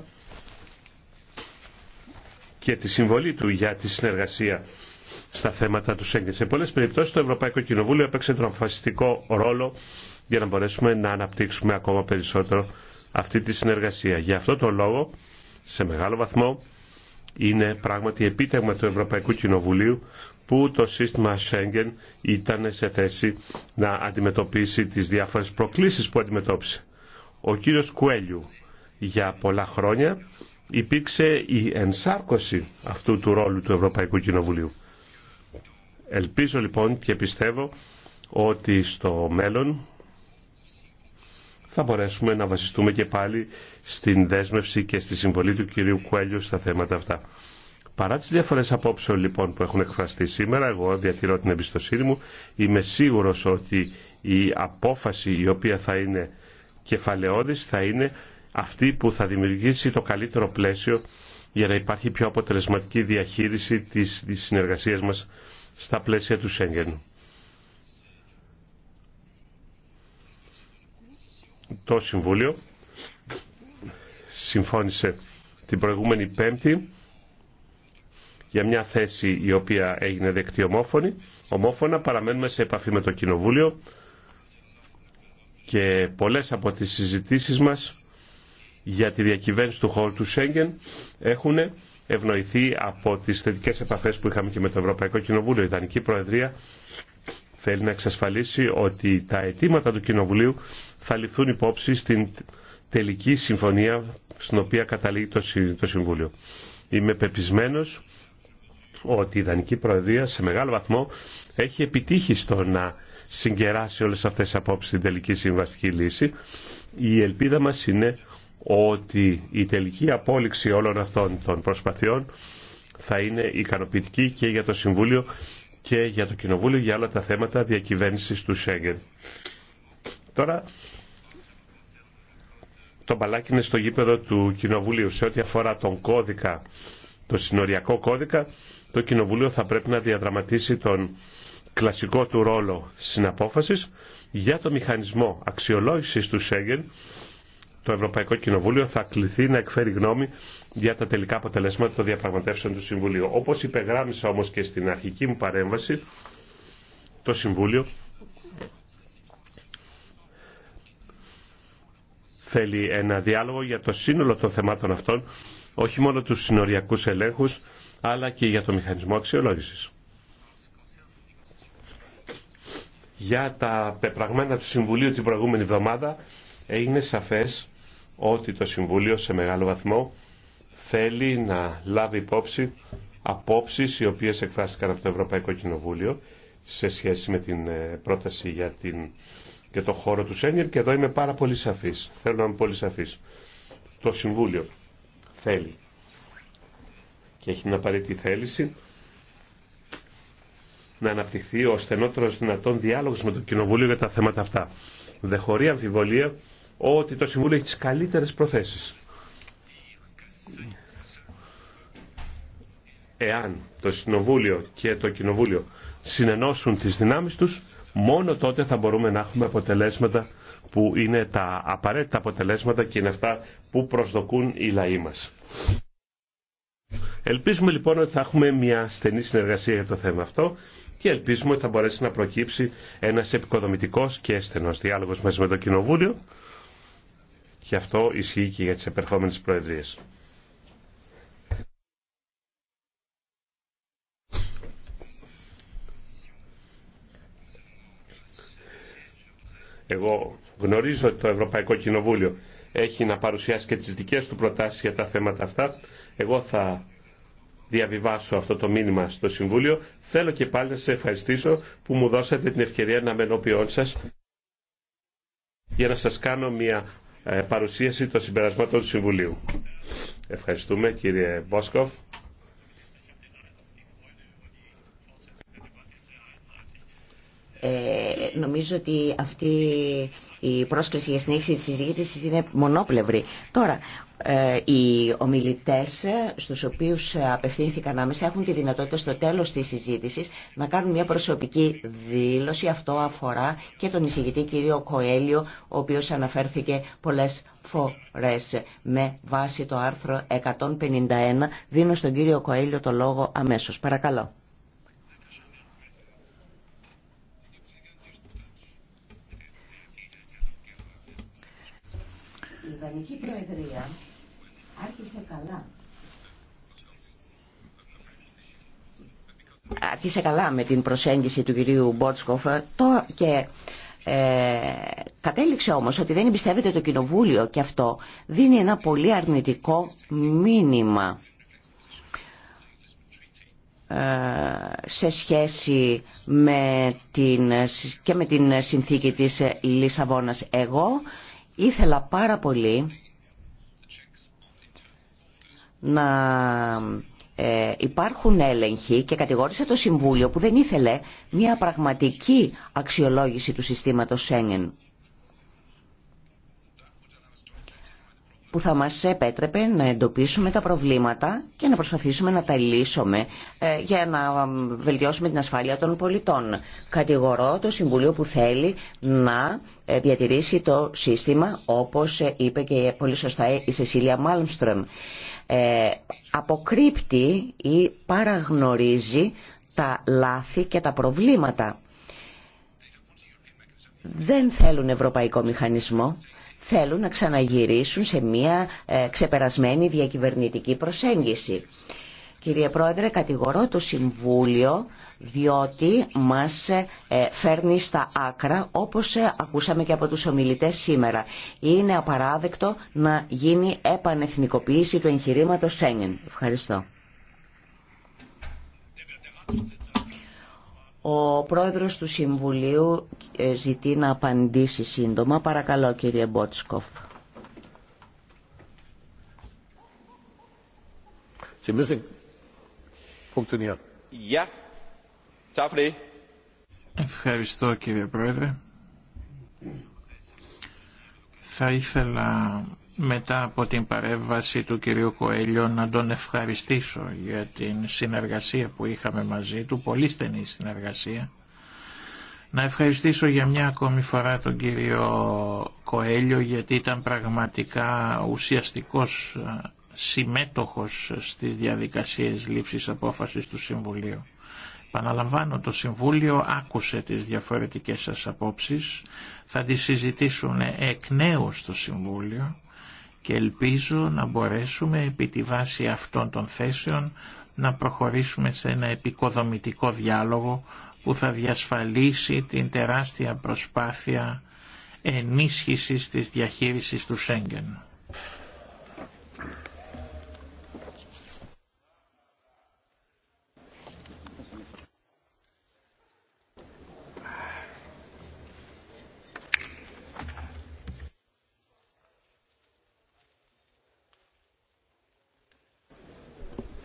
και τη συμβολή του για τη συνεργασία στα θέματα του Σέγγεν. Σε πολλέ περιπτώσει, το Ευρωπαϊκό Κοινοβούλιο έπαιξε τον αποφασιστικό ρόλο για να μπορέσουμε να αναπτύξουμε ακόμα περισσότερο αυτή τη συνεργασία. Γι' αυτό το λόγο, σε μεγάλο βαθμό, είναι πράγματι επίτευγμα του Ευρωπαϊκού Κοινοβουλίου που το σύστημα Schengen ήταν σε θέση να αντιμετωπίσει τις διάφορες προκλήσεις που αντιμετώπισε. Ο κύριος Κουέλιου για πολλά χρόνια υπήρξε η ενσάρκωση αυτού του ρόλου του Ευρωπαϊκού Κοινοβουλίου. Ελπίζω λοιπόν και πιστεύω ότι στο μέλλον θα μπορέσουμε να βασιστούμε και πάλι στην δέσμευση και στη συμβολή του κυρίου Κουέλιου στα θέματα αυτά. Παρά τις διαφορές απόψεων λοιπόν που έχουν εκφραστεί σήμερα, εγώ διατηρώ την εμπιστοσύνη μου, είμαι σίγουρος ότι η απόφαση η οποία θα είναι κεφαλαιώδης θα είναι αυτή που θα δημιουργήσει το καλύτερο πλαίσιο για να υπάρχει πιο αποτελεσματική διαχείριση της, της συνεργασίας μας στα πλαίσια του Σέγγεν. Το Συμβούλιο συμφώνησε την προηγούμενη Πέμπτη για μια θέση η οποία έγινε δεκτή ομόφωνη. Ομόφωνα παραμένουμε σε επαφή με το Κοινοβούλιο και πολλές από τις συζητήσεις μας για τη διακυβέρνηση του χώρου του Σέγγεν έχουν ευνοηθεί από τις θετικέ επαφές που είχαμε και με το Ευρωπαϊκό Κοινοβούλιο. Η Δανική Προεδρία θέλει να εξασφαλίσει ότι τα αιτήματα του Κοινοβουλίου θα ληφθούν υπόψη στην τελική συμφωνία στην οποία καταλήγει το Συμβούλιο. Είμαι πεπισμένο ότι η Δανική Προεδρία σε μεγάλο βαθμό έχει επιτύχει στο να συγκεράσει όλες αυτές τις απόψεις στην τελική συμβαστική λύση. Η ελπίδα μας είναι ότι η τελική απόλυξη όλων αυτών των προσπαθειών θα είναι ικανοποιητική και για το Συμβούλιο και για το Κοινοβούλιο για όλα τα θέματα διακυβέρνησης του Σέγγεν. Τώρα το μπαλάκι είναι στο γήπεδο του Κοινοβουλίου. Σε ό,τι αφορά τον κώδικα, το συνοριακό κώδικα, το Κοινοβουλίο θα πρέπει να διαδραματίσει τον κλασικό του ρόλο συναπόφασης για το μηχανισμό αξιολόγησης του Σέγγεν το Ευρωπαϊκό Κοινοβούλιο θα κληθεί να εκφέρει γνώμη για τα τελικά αποτελέσματα των διαπραγματεύσεων του Συμβουλίου. Όπως υπεγράμμισα όμως και στην αρχική μου παρέμβαση, το Συμβούλιο θέλει ένα διάλογο για το σύνολο των θεμάτων αυτών, όχι μόνο τους συνοριακούς ελέγχους, αλλά και για το μηχανισμό αξιολόγησης. Για τα πεπραγμένα του Συμβουλίου την προηγούμενη εβδομάδα έγινε σαφές ότι το Συμβούλιο σε μεγάλο βαθμό θέλει να λάβει υπόψη απόψεις οι οποίες εκφράστηκαν από το Ευρωπαϊκό Κοινοβούλιο σε σχέση με την ε, πρόταση για, την, για το χώρο του Σένιερ και εδώ είμαι πάρα πολύ σαφής. Θέλω να είμαι πολύ σαφής. Το Συμβούλιο θέλει και έχει την απαραίτητη θέληση να αναπτυχθεί ο στενότερος δυνατόν διάλογος με το Κοινοβούλιο για τα θέματα αυτά. Δεν χωρεί αμφιβολία ότι το Συμβούλιο έχει τις καλύτερες προθέσεις. Εάν το Συνοβούλιο και το Κοινοβούλιο συνενώσουν τις δυνάμεις τους, μόνο τότε θα μπορούμε να έχουμε αποτελέσματα που είναι τα απαραίτητα αποτελέσματα και είναι αυτά που προσδοκούν οι λαοί μας. Ελπίζουμε λοιπόν ότι θα έχουμε μια στενή συνεργασία για το θέμα αυτό και ελπίζουμε ότι θα μπορέσει να προκύψει ένας επικοδομητικός και στενός διάλογος μαζί με το Κοινοβούλιο και αυτό ισχύει και για τις επερχόμενες προεδρίες. Εγώ γνωρίζω ότι το Ευρωπαϊκό Κοινοβούλιο έχει να παρουσιάσει και τις δικές του προτάσεις για τα θέματα αυτά. Εγώ θα διαβιβάσω αυτό το μήνυμα στο Συμβούλιο. Θέλω και πάλι να σας ευχαριστήσω που μου δώσατε την ευκαιρία να με ενώπιόν σας για να σας κάνω μια ε, παρουσίαση των συμπερασμάτων του Συμβουλίου. Ευχαριστούμε κύριε Μπόσκοφ. Ε, νομίζω ότι αυτή η πρόσκληση για συνέχιση της συζήτησης είναι μονόπλευρη. Τώρα, ε, οι ομιλητές ε, στους οποίους ε, απευθύνθηκαν άμεσα έχουν τη δυνατότητα στο τέλος της συζήτησης να κάνουν μια προσωπική δήλωση. Αυτό αφορά και τον εισηγητή κύριο Κοέλιο, ο οποίος αναφέρθηκε πολλές φορές με βάση το άρθρο 151. Δίνω στον κύριο Κοέλιο το λόγο αμέσως. Παρακαλώ. Η Ιδανική Προεδρία Άρχισε καλά. Άρχισε καλά με την προσέγγιση του κυρίου Μπότσκοφ το και ε, κατέληξε όμως ότι δεν εμπιστεύεται το Κοινοβούλιο και αυτό δίνει ένα πολύ αρνητικό μήνυμα ε, σε σχέση με την, και με την συνθήκη της Λισαβόνας. Εγώ ήθελα πάρα πολύ να ε, υπάρχουν έλεγχοι και κατηγόρησε το Συμβούλιο που δεν ήθελε μια πραγματική αξιολόγηση του συστήματος Σέγγεν. που θα μας επέτρεπε να εντοπίσουμε τα προβλήματα και να προσπαθήσουμε να τα λύσουμε ε, για να βελτιώσουμε την ασφάλεια των πολιτών. Κατηγορώ το Συμβουλίο που θέλει να ε, διατηρήσει το σύστημα, όπως ε, είπε και πολύ σωστά η Σεσίλια Μάλμστρεμ. Αποκρύπτει ή παραγνωρίζει τα λάθη και τα προβλήματα. Δεν θέλουν ευρωπαϊκό μηχανισμό θέλουν να ξαναγυρίσουν σε μια ε, ξεπερασμένη διακυβερνητική προσέγγιση. Κύριε Πρόεδρε, κατηγορώ το Συμβούλιο διότι μας ε, ε, φέρνει στα άκρα όπως ακούσαμε και από τους ομιλητές σήμερα. Είναι απαράδεκτο να γίνει επανεθνικοποίηση του εγχειρήματος Σέγγεν. Ευχαριστώ. Ο πρόεδρος του Συμβουλίου ε, ζητεί να απαντήσει σύντομα. Παρακαλώ κύριε Μπότσκοφ. Ευχαριστώ κύριε Πρόεδρε. Θα ήθελα μετά από την παρέμβαση του κυρίου Κοέλιο να τον ευχαριστήσω για την συνεργασία που είχαμε μαζί του, πολύ στενή συνεργασία. Να ευχαριστήσω για μια ακόμη φορά τον κύριο Κοέλιο γιατί ήταν πραγματικά ουσιαστικός συμμέτοχος στις διαδικασίες λήψης απόφασης του Συμβουλίου. Παναλαμβάνω, το Συμβούλιο άκουσε τις διαφορετικές σας απόψεις, θα τις συζητήσουν εκ νέου στο Συμβούλιο και ελπίζω να μπορέσουμε επί τη βάση αυτών των θέσεων να προχωρήσουμε σε ένα επικοδομητικό διάλογο που θα διασφαλίσει την τεράστια προσπάθεια ενίσχυσης της διαχείρισης του Σέγγεν.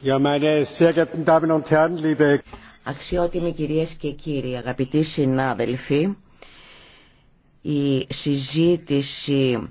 Ja, meine sehr geehrten Damen und Herren, liebe... Αξιότιμοι κυρίες και κύριοι, αγαπητοί συνάδελφοι, η συζήτηση